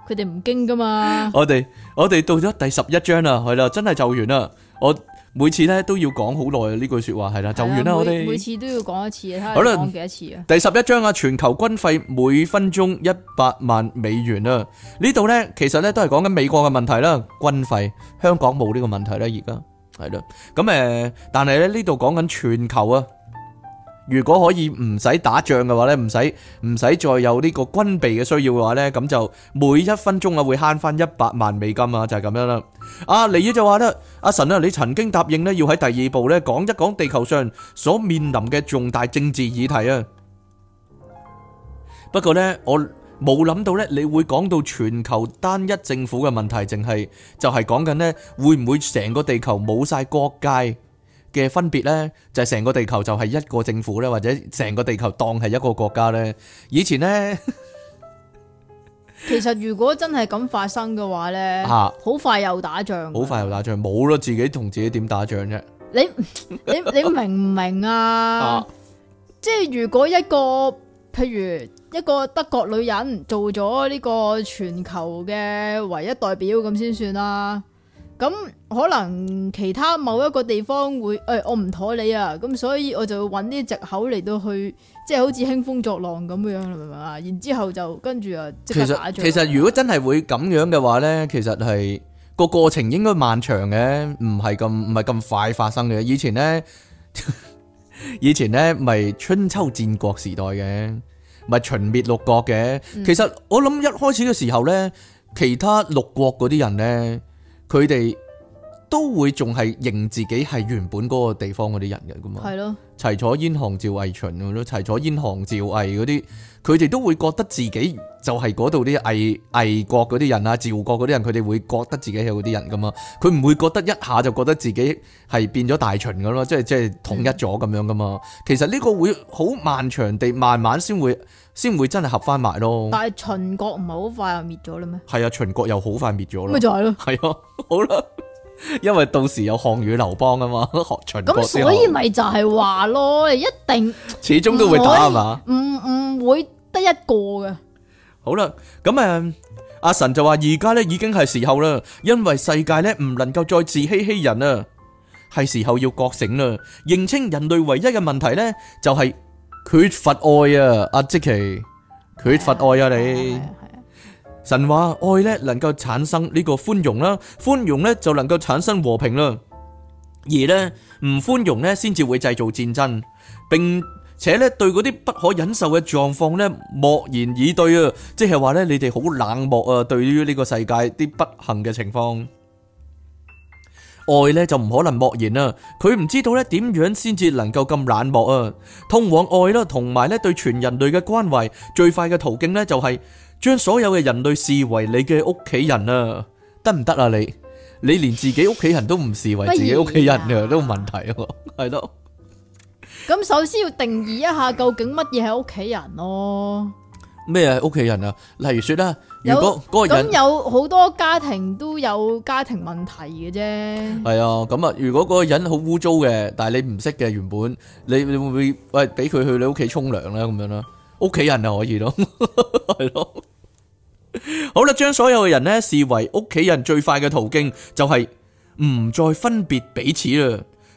佢哋唔驚噶嘛。我哋我哋到咗第十一章啦，係啦，真係就完啦。我每次咧都要講好耐啊，呢句說話係啦，就完啦。我哋每次都要講一次啊。好啦，講幾多次啊？第十一章啊，全球軍費每分鐘一百萬美元啊。呢度咧其實咧都係講緊美國嘅問題啦，軍費香港冇呢個問題啦，而家。係咯，咁誒，但係咧呢度講緊全球啊，如果可以唔使打仗嘅話咧，唔使唔使再有呢個軍備嘅需要嘅話咧，咁就每一分鐘啊會慳翻一百萬美金啊，就係咁樣啦。阿尼爾就話咧，阿神啊，你曾經答應咧要喺第二部咧講一講地球上所面臨嘅重大政治議題啊。不過咧，我。冇諗到咧，你會講到全球單一政府嘅問題，淨係就係講緊咧，會唔會成個地球冇晒國界嘅分別咧？就係成個地球就係一個政府咧，或者成個地球當係一個國家咧？以前咧，其實如果真係咁發生嘅話咧，吓，好快又打仗，好快又打仗，冇咯，自己同自己點打仗啫？你你你明唔明啊？即係如果一個。譬如一個德國女人做咗呢個全球嘅唯一代表咁先算啦，咁可能其他某一個地方會誒我唔妥你啊，咁所以我就要揾啲藉口嚟到去，即係好似興風作浪咁樣樣，明唔明啊？然之後就跟住啊，其實其實如果真係會咁樣嘅話呢，其實係個過程應該漫長嘅，唔係咁唔係咁快發生嘅。以前呢。以前咧，咪春秋戰國時代嘅，咪秦滅六國嘅。嗯、其實我諗一開始嘅時候咧，其他六國嗰啲人咧，佢哋都會仲係認自己係原本嗰個地方嗰啲人嘅，咁啊。係咯的，齊楚燕韓趙魏秦，都齊楚燕韓趙魏嗰啲。佢哋都會覺得自己就係嗰度啲魏魏國嗰啲人啊、趙國嗰啲人，佢哋會覺得自己係嗰啲人咁嘛，佢唔會覺得一下就覺得自己係變咗大秦咁咯，即係即係統一咗咁樣噶嘛。其實呢個會好漫長地，慢慢先會先會真係合翻埋咯。但係秦國唔係好快又滅咗啦咩？係啊，秦國又好快滅咗咯。咪就係咯，係啊，好啦，因為到時有項羽、劉邦啊嘛，學秦國學。咁所以咪就係話咯，一定 始終都會打嘛。唔唔會。得一個嘅。好啦，咁啊，阿神就話而家咧已經係時候啦，因為世界咧唔能夠再自欺欺人啦，係時候要覺醒啦，認清人類唯一嘅問題呢，就係、是、缺乏愛啊，阿、啊、即奇，缺乏愛啊你。啊啊啊啊神話愛呢，能夠產生呢個寬容啦，寬容呢，就能夠產生和平啦，而呢，唔寬容呢，先至會製造戰爭，並。且咧對嗰啲不可忍受嘅狀況咧莫言以對啊，即係話咧你哋好冷漠啊，對於呢個世界啲不幸嘅情況，愛咧就唔可能莫言啊，佢唔知道咧點樣先至能夠咁冷漠啊。通往愛啦，同埋咧對全人類嘅關懷最快嘅途徑咧就係將所有嘅人類視為你嘅屋企人啊，得唔得啊你？你連自己屋企人都唔視為自己屋企人啊，都問題係咯。咁首先要定義一下究竟乜嘢係屋企人咯，啊？咩係屋企人啊？例如說咧，如果嗰個人咁有好多家庭都有家庭問題嘅啫。係啊，咁啊，如果嗰個人好污糟嘅，但係你唔識嘅原本，你你會唔會喂，俾佢去你屋企沖涼咧？咁樣咯，屋企人就可以咯，係 咯。好啦，將所有嘅人呢視為屋企人最快嘅途徑，就係、是、唔再分別彼此啦。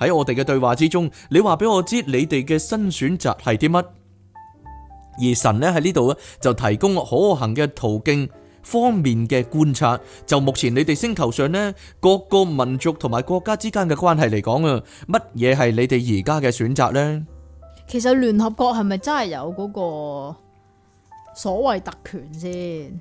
喺我哋嘅對話之中，你話俾我知你哋嘅新選擇係啲乜？而神呢喺呢度啊，就提供可行嘅途徑方面嘅觀察。就目前你哋星球上呢，各個民族同埋國家之間嘅關係嚟講啊，乜嘢係你哋而家嘅選擇呢？其實聯合國係咪真係有嗰個所謂特權先？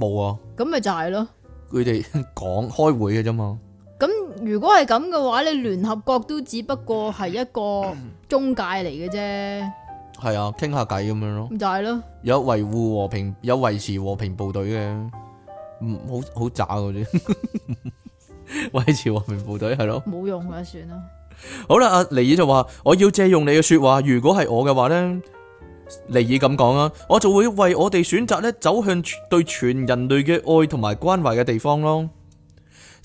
冇啊！咁咪就係咯，佢哋講開會嘅啫嘛。咁如果係咁嘅話，你聯合國都只不過係一個中介嚟嘅啫。係啊，傾下偈咁樣咯。就係咯，有維護和平，有維持和平部隊嘅，唔好好渣嘅啫。維 持和平部隊係咯，冇用嘅，算啦。好啦，阿尼爾就話：我要借用你嘅說話，如果係我嘅話咧，尼爾咁講啊，我就會為我哋選擇咧走向對全人類嘅愛同埋關懷嘅地方咯。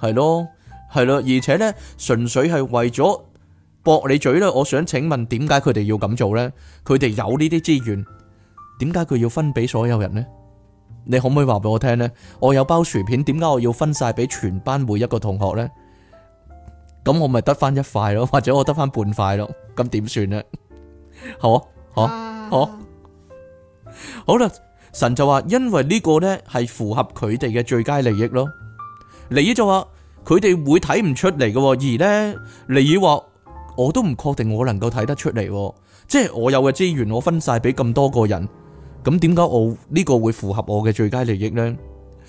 係咯，係咯，而且咧，純粹係為咗駁你嘴咧。我想請問，點解佢哋要咁做咧？佢哋有呢啲資源，點解佢要分俾所有人呢？你可唔可以話俾我聽呢？我有包薯片，點解我要分晒俾全班每一個同學呢？咁我咪得翻一塊咯，或者我得翻半塊咯，咁點算呢？好，啊，好，好好啦，神就話，因為呢個呢係符合佢哋嘅最佳利益咯。你就話佢哋會睇唔出嚟嘅，而呢，你話我都唔確定我能夠睇得出嚟，即係我有嘅資源，我分晒俾咁多個人，咁點解我呢個會符合我嘅最佳利益呢？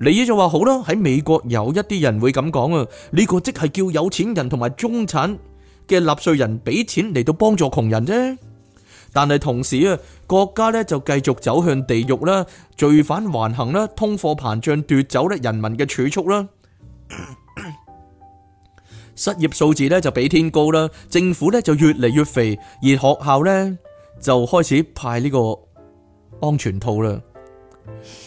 你就話好啦，喺美國有一啲人會咁講啊，呢個即係叫有錢人同埋中產嘅納稅人俾錢嚟到幫助窮人啫。但係同時啊，國家呢就繼續走向地獄啦，罪犯橫行啦，通貨膨脹奪走咧人民嘅儲蓄啦，失業數字呢就比天高啦，政府呢就越嚟越肥，而學校呢就開始派呢個安全套啦。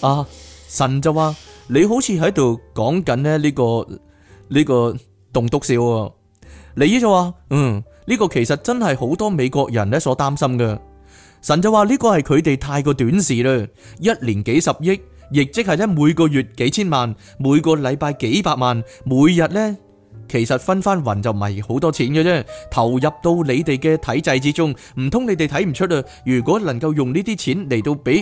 啊，神就話。你好似喺度講緊咧呢個呢個棟篤笑，你依就話，嗯呢個其實真係好多美國人咧所擔心嘅，神就話呢個係佢哋太過短視啦，一年幾十億，亦即係咧每個月幾千萬，每個禮拜幾百萬，每日呢其實分翻匀就唔係好多錢嘅啫，投入到你哋嘅體制之中，唔通你哋睇唔出啊？如果能夠用呢啲錢嚟到俾。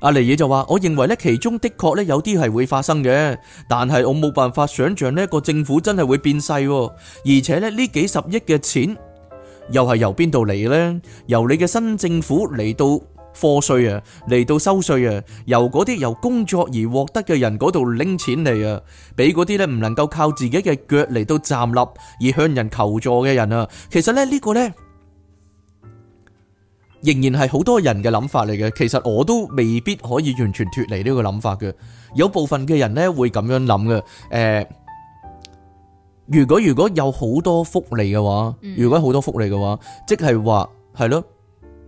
阿黎野就話：我認為咧，其中的確咧有啲係會發生嘅，但係我冇辦法想象呢一個政府真係會變細，而且咧呢幾十億嘅錢又係由邊度嚟呢？由你嘅新政府嚟到課稅啊，嚟到收稅啊，由嗰啲由工作而獲得嘅人嗰度拎錢嚟啊，俾嗰啲咧唔能夠靠自己嘅腳嚟到站立而向人求助嘅人啊，其實咧呢個呢。仍然係好多人嘅諗法嚟嘅，其實我都未必可以完全脫離呢個諗法嘅。有部分嘅人呢，會咁樣諗嘅。誒、呃，如果如果有好多福利嘅話，嗯、如果好多福利嘅話，即係話係咯，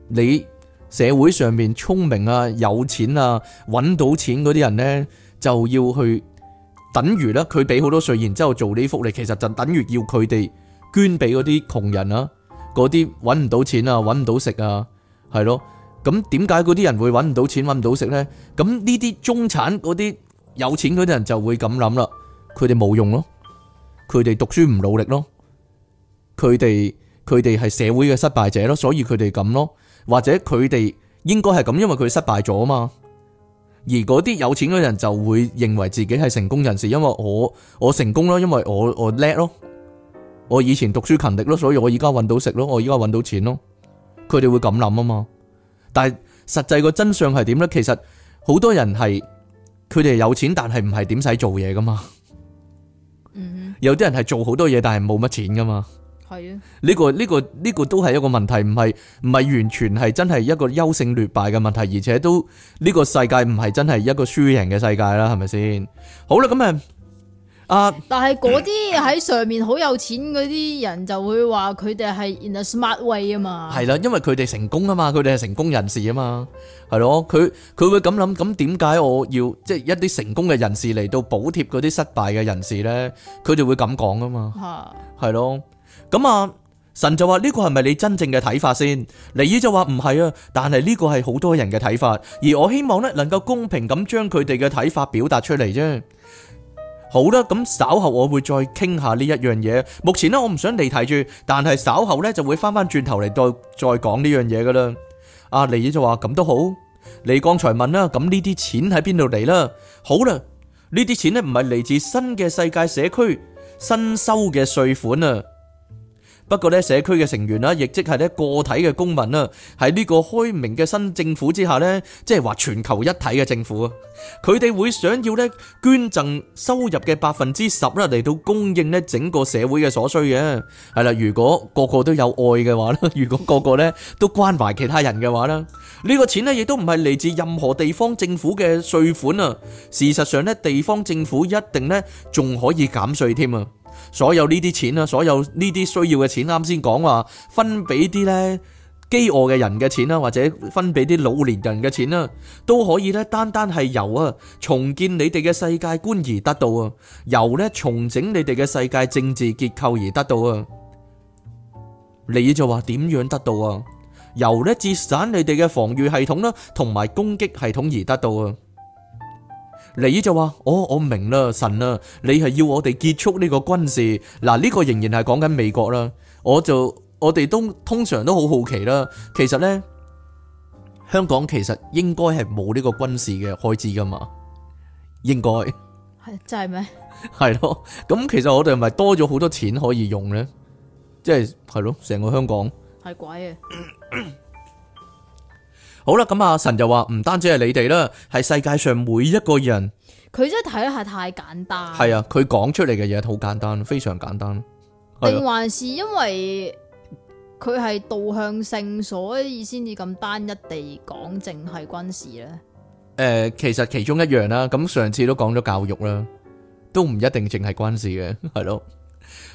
你社會上面聰明啊、有錢啊、揾到錢嗰啲人呢，就要去等於咧，佢俾好多稅，然之後做呢福利，其實就等於要佢哋捐俾嗰啲窮人啊，嗰啲揾唔到錢啊、揾唔到食啊。係咯，咁點解嗰啲人會揾唔到錢、揾唔到食呢？咁呢啲中產嗰啲有錢嗰啲人就會咁諗啦，佢哋冇用咯，佢哋讀書唔努力咯，佢哋佢哋係社會嘅失敗者咯，所以佢哋咁咯，或者佢哋應該係咁，因為佢失敗咗啊嘛。而嗰啲有錢嗰人就會認為自己係成功人士，因為我我成功咯，因為我我叻咯，我以前讀書勤力咯，所以我而家揾到食咯，我而家揾到錢咯。佢哋會咁諗啊嘛，但係實際個真相係點咧？其實好多人係佢哋有錢，但係唔係點使做嘢噶嘛。嗯哼，有啲人係做好多嘢，但係冇乜錢噶嘛。係啊，呢個呢個呢個都係一個問題，唔係唔係完全係真係一個優勝劣敗嘅問題，而且都呢個世界唔係真係一個輸贏嘅世界啦，係咪先？好啦，咁啊。啊、但係嗰啲喺上面好有錢嗰啲人就會話佢哋係，in a smart way 啊嘛。係啦，因為佢哋成功啊嘛，佢哋係成功人士啊嘛，係咯。佢佢會咁諗，咁點解我要即係一啲成功嘅人士嚟到補貼嗰啲失敗嘅人士呢？佢哋會咁講啊嘛。係係咯。咁啊的、嗯，神就話呢個係咪你真正嘅睇法先？尼爾就話唔係啊，但係呢個係好多人嘅睇法，而我希望呢，能夠公平咁將佢哋嘅睇法表達出嚟啫。好啦，咁稍後我會再傾下呢一樣嘢。目前呢，我唔想離題住，但係稍後呢，就會翻翻轉頭嚟，再再講呢樣嘢噶啦。阿黎嘢就話，咁都好，你剛才問啦，咁呢啲錢喺邊度嚟啦？好啦，呢啲錢呢，唔係嚟自新嘅世界社區新收嘅稅款啊。不過咧，社區嘅成員啦，亦即係咧個體嘅公民啦，喺呢個開明嘅新政府之下咧，即係話全球一體嘅政府啊，佢哋會想要咧捐贈收入嘅百分之十啦，嚟到供應咧整個社會嘅所需嘅。係啦，如果個個都有愛嘅話啦，如果個個咧都關懷其他人嘅話啦，呢個錢咧亦都唔係嚟自任何地方政府嘅稅款啊。事實上咧，地方政府一定咧仲可以減稅添啊。所有呢啲錢啦，所有呢啲需要嘅錢，啱先講話分俾啲呢飢餓嘅人嘅錢啦，或者分俾啲老年人嘅錢啦，都可以呢單單係由啊重建你哋嘅世界觀而得到啊，由咧重整你哋嘅世界政治結構而得到啊，你就話點樣得到啊？由咧節省你哋嘅防禦系統啦，同埋攻擊系統而得到啊。你就話，哦，我明啦，神啊，你係要我哋結束呢個軍事，嗱呢個仍然係講緊美國啦。我就我哋都通常都好好奇啦，其實咧，香港其實應該係冇呢個軍事嘅開支噶嘛，應該係真係咩？係咯， 咁其實我哋咪多咗好多錢可以用咧，即係係咯，成個香港係鬼啊！ 好啦，咁、嗯、阿神就話唔單止係你哋啦，係世界上每一個人。佢真係睇一下太簡單。係啊，佢講出嚟嘅嘢好簡單，非常簡單。定、啊、還是因為佢係導向性，所以先至咁單一地講淨係軍事呢？誒、呃，其實其中一樣啦，咁上次都講咗教育啦，都唔一定淨係軍事嘅，係咯、啊。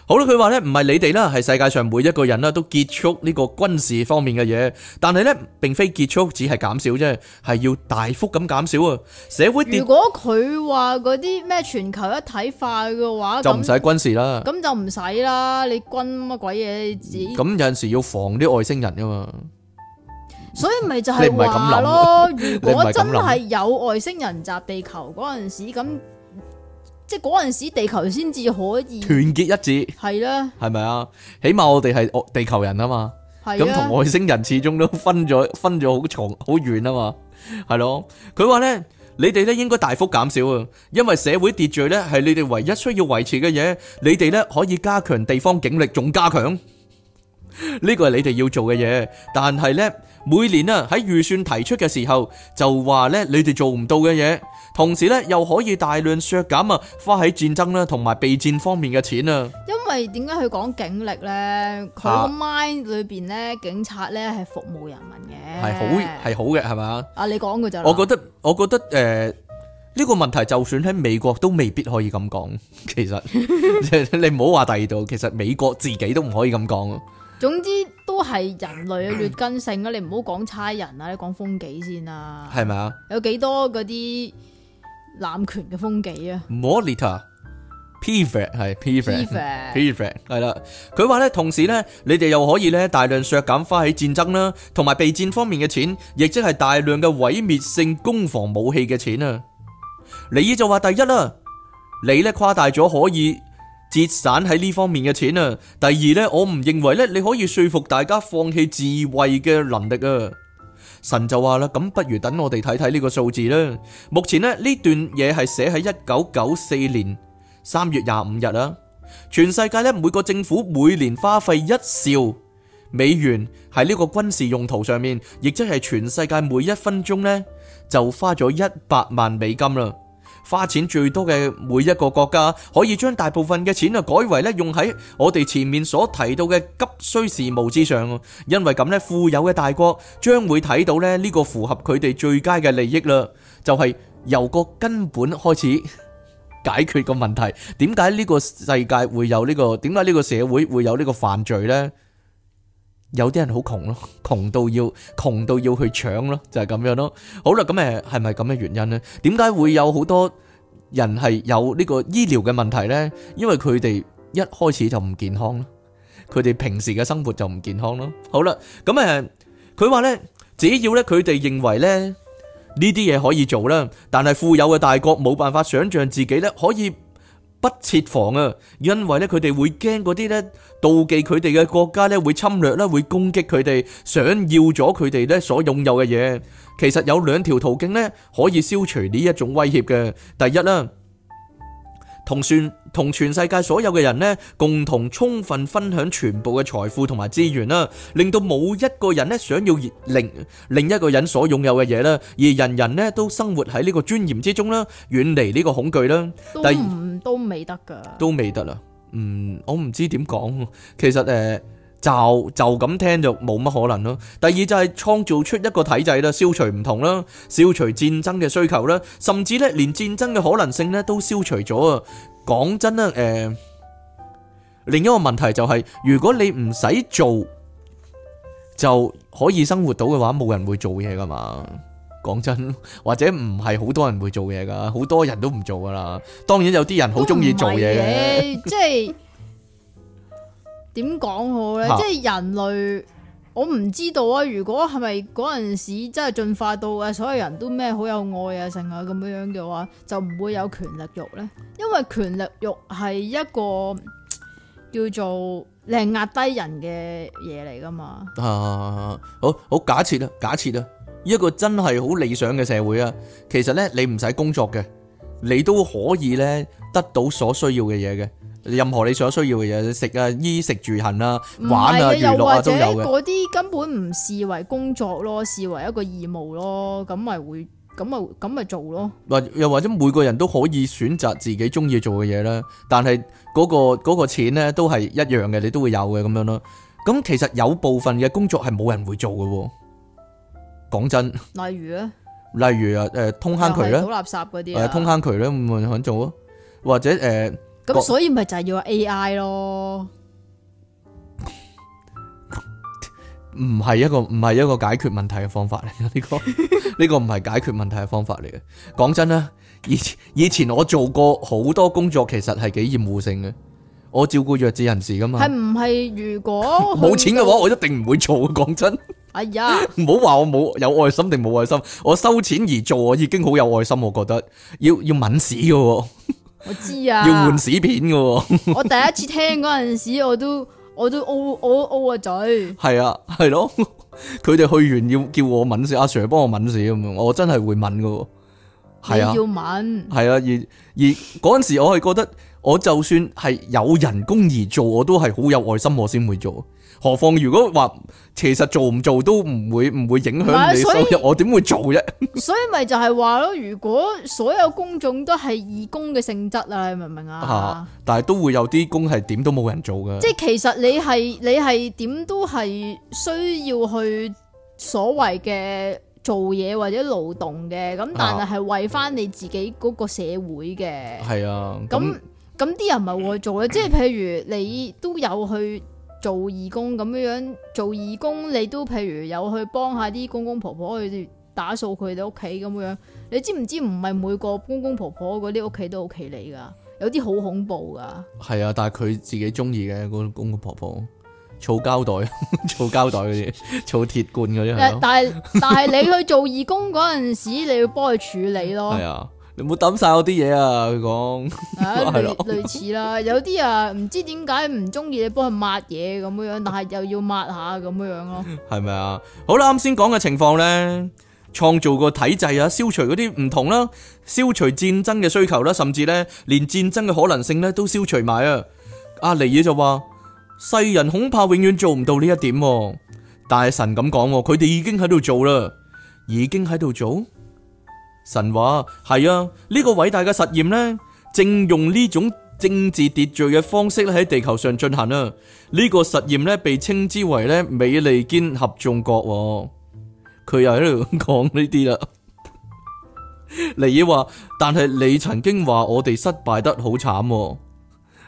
好啦，佢話咧唔係你哋啦，係世界上每一個人啦，都結束呢個軍事方面嘅嘢，但係咧並非結束，只係減少啫，係要大幅咁減少啊！社會點樣？如果佢話嗰啲咩全球一體化嘅話，就唔使軍事啦，咁就唔使啦，你軍乜鬼嘢？咁有陣時要防啲外星人吖嘛？所以咪就係你唔係咁諗咯？ 如果真係有外星人襲地球嗰陣時咁？即係嗰陣時，地球先至可以團結一致。係啦，係咪啊？起碼我哋係地球人啊嘛，咁同外星人始終都分咗，分咗好長好遠啊嘛，係咯。佢話呢，你哋呢應該大幅減少啊，因為社會秩序呢係你哋唯一需要維持嘅嘢。你哋呢可以加強地方警力，仲加強。呢個係你哋要做嘅嘢，但係呢每年啊喺預算提出嘅時候，就話呢你哋做唔到嘅嘢。同時咧，又可以大量削減啊，花喺戰爭啦，同埋備戰方面嘅錢啊。因為點解佢講警力咧？佢個 mind 裏邊咧，警察咧係服務人民嘅，係好係好嘅，係咪？啊，你講嘅就我覺得，我覺得，誒呢個問題，就算喺美國都未必可以咁講。其實， 你唔好話第二度，其實美國自己都唔可以咁講。總之都係人類嘅劣根性、嗯、啊。你唔好講差人啊，你講風紀先啊，係咪啊？有幾多嗰啲？濫權嘅風紀啊 m o n i t a r p r i v a t e 係 p r f v a t e p r i v a t e 係啦。佢話咧，同時咧，你哋又可以咧大量削減花喺戰爭啦，同埋備戰方面嘅錢，亦即係大量嘅毀滅性攻防武器嘅錢啊。尼爾就話：第一啦，你咧誇大咗可以節省喺呢方面嘅錢啊。第二咧，我唔認為咧，你可以說服大家放棄自衛嘅能力啊。神就話啦，咁不如等我哋睇睇呢個數字啦。目前咧，呢段嘢,係寫喺一九九四年三月廿五日啦。全世界咧，每個政府每年花費一兆美元喺呢個軍事用途上面，亦即係全世界每一分鐘咧，就花咗一百萬美金啦。花錢最多嘅每一個國家，可以將大部分嘅錢啊，改為咧用喺我哋前面所提到嘅急需事務之上。因為咁咧，富有嘅大國將會睇到咧呢個符合佢哋最佳嘅利益啦。就係由個根本開始 解決個問題。點解呢個世界會有呢個？點解呢個社會會有呢個犯罪呢？有啲人好窮咯，窮到要窮到要去搶咯，就係咁樣咯。好啦，咁誒係咪咁嘅原因呢？點解會有好多人係有呢個醫療嘅問題呢？因為佢哋一開始就唔健康啦，佢哋平時嘅生活就唔健康啦。好啦，咁誒，佢話呢，只要呢佢哋認為呢呢啲嘢，可以做啦，但係富有嘅大國冇辦法想象自己呢可以。不設防啊，因為咧佢哋會驚嗰啲咧妒忌佢哋嘅國家咧會侵略咧，會攻擊佢哋，想要咗佢哋咧所擁有嘅嘢。其實有兩條途徑咧可以消除呢一種威脅嘅，第一啦。同全同全世界所有嘅人呢，共同充分分享全部嘅財富同埋資源啦，令到冇一個人呢想要另另一個人所擁有嘅嘢啦，而人人呢都生活喺呢個尊嚴之中啦，遠離呢個恐懼啦。都唔都未得㗎，都未得啦。嗯，我唔知點講。其實誒。就就咁聽就冇乜可能咯。第二就係創造出一個體制啦，消除唔同啦，消除戰爭嘅需求啦，甚至咧連戰爭嘅可能性咧都消除咗啊。講真咧，誒、呃，另一個問題就係、是、如果你唔使做就可以生活到嘅話，冇人會做嘢噶嘛。講真，或者唔係好多人會做嘢噶，好多人都唔做噶啦。當然有啲人好中意做嘢嘅，即係。點講好咧？哈即係人類，我唔知道啊。如果係咪嗰陣時真係進化到啊，所有人都咩好有愛啊，成啊咁樣樣嘅話，就唔會有權力欲咧？因為權力欲係一個叫做零壓低人嘅嘢嚟噶嘛。啊，好好假設啊，假設啊，一個真係好理想嘅社會啊，其實咧你唔使工作嘅，你都可以咧得到所需要嘅嘢嘅。任何你所需要嘅嘢，食啊、衣食住行啦、是玩啊、又或者都嗰啲根本唔視為工作咯，視為一個義務咯，咁咪會，咁咪咁咪做咯。又或者每個人都可以選擇自己中意做嘅嘢啦，但係嗰、那個嗰、那個錢咧都係一樣嘅，你都會有嘅咁樣咯。咁其實有部分嘅工作係冇人會做嘅喎。講真，例如咧，例如啊，誒、呃，通坑渠咧，倒垃圾嗰啲啊，通坑渠咧會唔會肯做啊？或者誒？呃咁所以咪就係要 AI 咯，唔係一個唔係一個解決問題嘅方法嚟嘅。呢個呢個唔係解決問題嘅方法嚟嘅。講真啦，以以前我做過好多工作，其實係幾厭惡性嘅。我照顧弱智人士噶嘛，係唔係？如果冇錢嘅話，我一定唔會做。講真，哎呀，唔好話我冇有愛心定冇愛心，我收錢而做，我已經好有愛心。我覺得要要搵食嘅。我知啊，要換屎片嘅。我第一次聽嗰陣時 我，我都我都嘔我嘔啊嘴。係啊，係咯，佢哋去完要叫我吻屎，阿 Sir 幫我吻屎咁樣，我真係會吻㗎，要吻，啊。係啊，而而嗰陣時我係覺得，我就算係有人工而做，我都係好有愛心，我先會做。何況如果話，其實做唔做都唔會唔會影響你收入，我點會做啫？所以咪就係話咯，如果所有工種都係義工嘅性質啊，你明唔明啊？但係都會有啲工係點都冇人做噶。即係其實你係你係點都係需要去所謂嘅做嘢或者勞動嘅，咁但係係為翻你自己嗰個社會嘅。係啊，咁咁啲人咪係會去做咧， 即係譬如你都有去。做義工咁樣樣，做義工你都譬如有去幫下啲公公婆婆去打掃佢哋屋企咁樣，你知唔知唔係每個公公婆婆嗰啲屋企都好企理噶，有啲好恐怖噶。係啊，但係佢自己中意嘅公公婆婆，儲膠袋、儲膠袋啲、儲鐵罐嗰啲、 啊。但係但係你去做義工嗰陣時， 你要幫佢處理咯。係啊。你冇抌晒我啲嘢啊！佢講係咯，類似啦，有啲啊唔知點解唔中意你幫佢抹嘢咁樣， 但係又要抹下咁樣咯，係咪啊？好啦，啱先講嘅情況咧，創造個體制啊，消除嗰啲唔同啦、啊，消除戰爭嘅需求啦、啊，甚至咧連戰爭嘅可能性咧都消除埋啊！阿、啊、尼爾就話，世人恐怕永遠做唔到呢一點、啊，但係神咁講，佢哋已經喺度做啦，已經喺度做。神話係啊，呢、這個偉大嘅實驗呢，正用呢種政治秩序嘅方式喺地球上進行啊。呢、這個實驗呢，被稱之為咧美利堅合眾國、哦，佢又喺度講呢啲啦。尼爾 話，但係你曾經話我哋失敗得好慘、哦，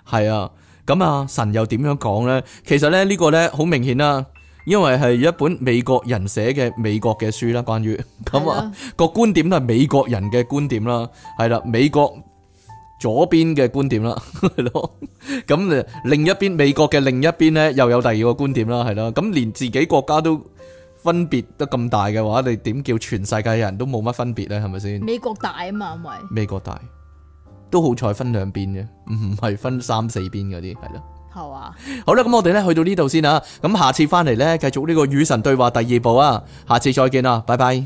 係啊，咁啊，神又點樣講呢？其實咧呢、這個呢，好明顯啊。因為係一本美國人寫嘅美國嘅書啦，關於咁啊個觀點都係美國人嘅觀點啦，係啦，美國左邊嘅觀點啦，係咯，咁咧另一邊美國嘅另一邊呢又有第二個觀點啦，係咯，咁連自己國家都分別得咁大嘅話，你點叫全世界人都冇乜分別呢？係咪先？美國大啊嘛，係咪？美國大都好彩分兩邊嘅，唔係分三四邊嗰啲，係咯。係嘛？好啦、啊，咁我哋咧去到呢度先啦。咁下次翻嚟咧，繼續呢個與神對話第二部啊。下次再見啦，拜拜。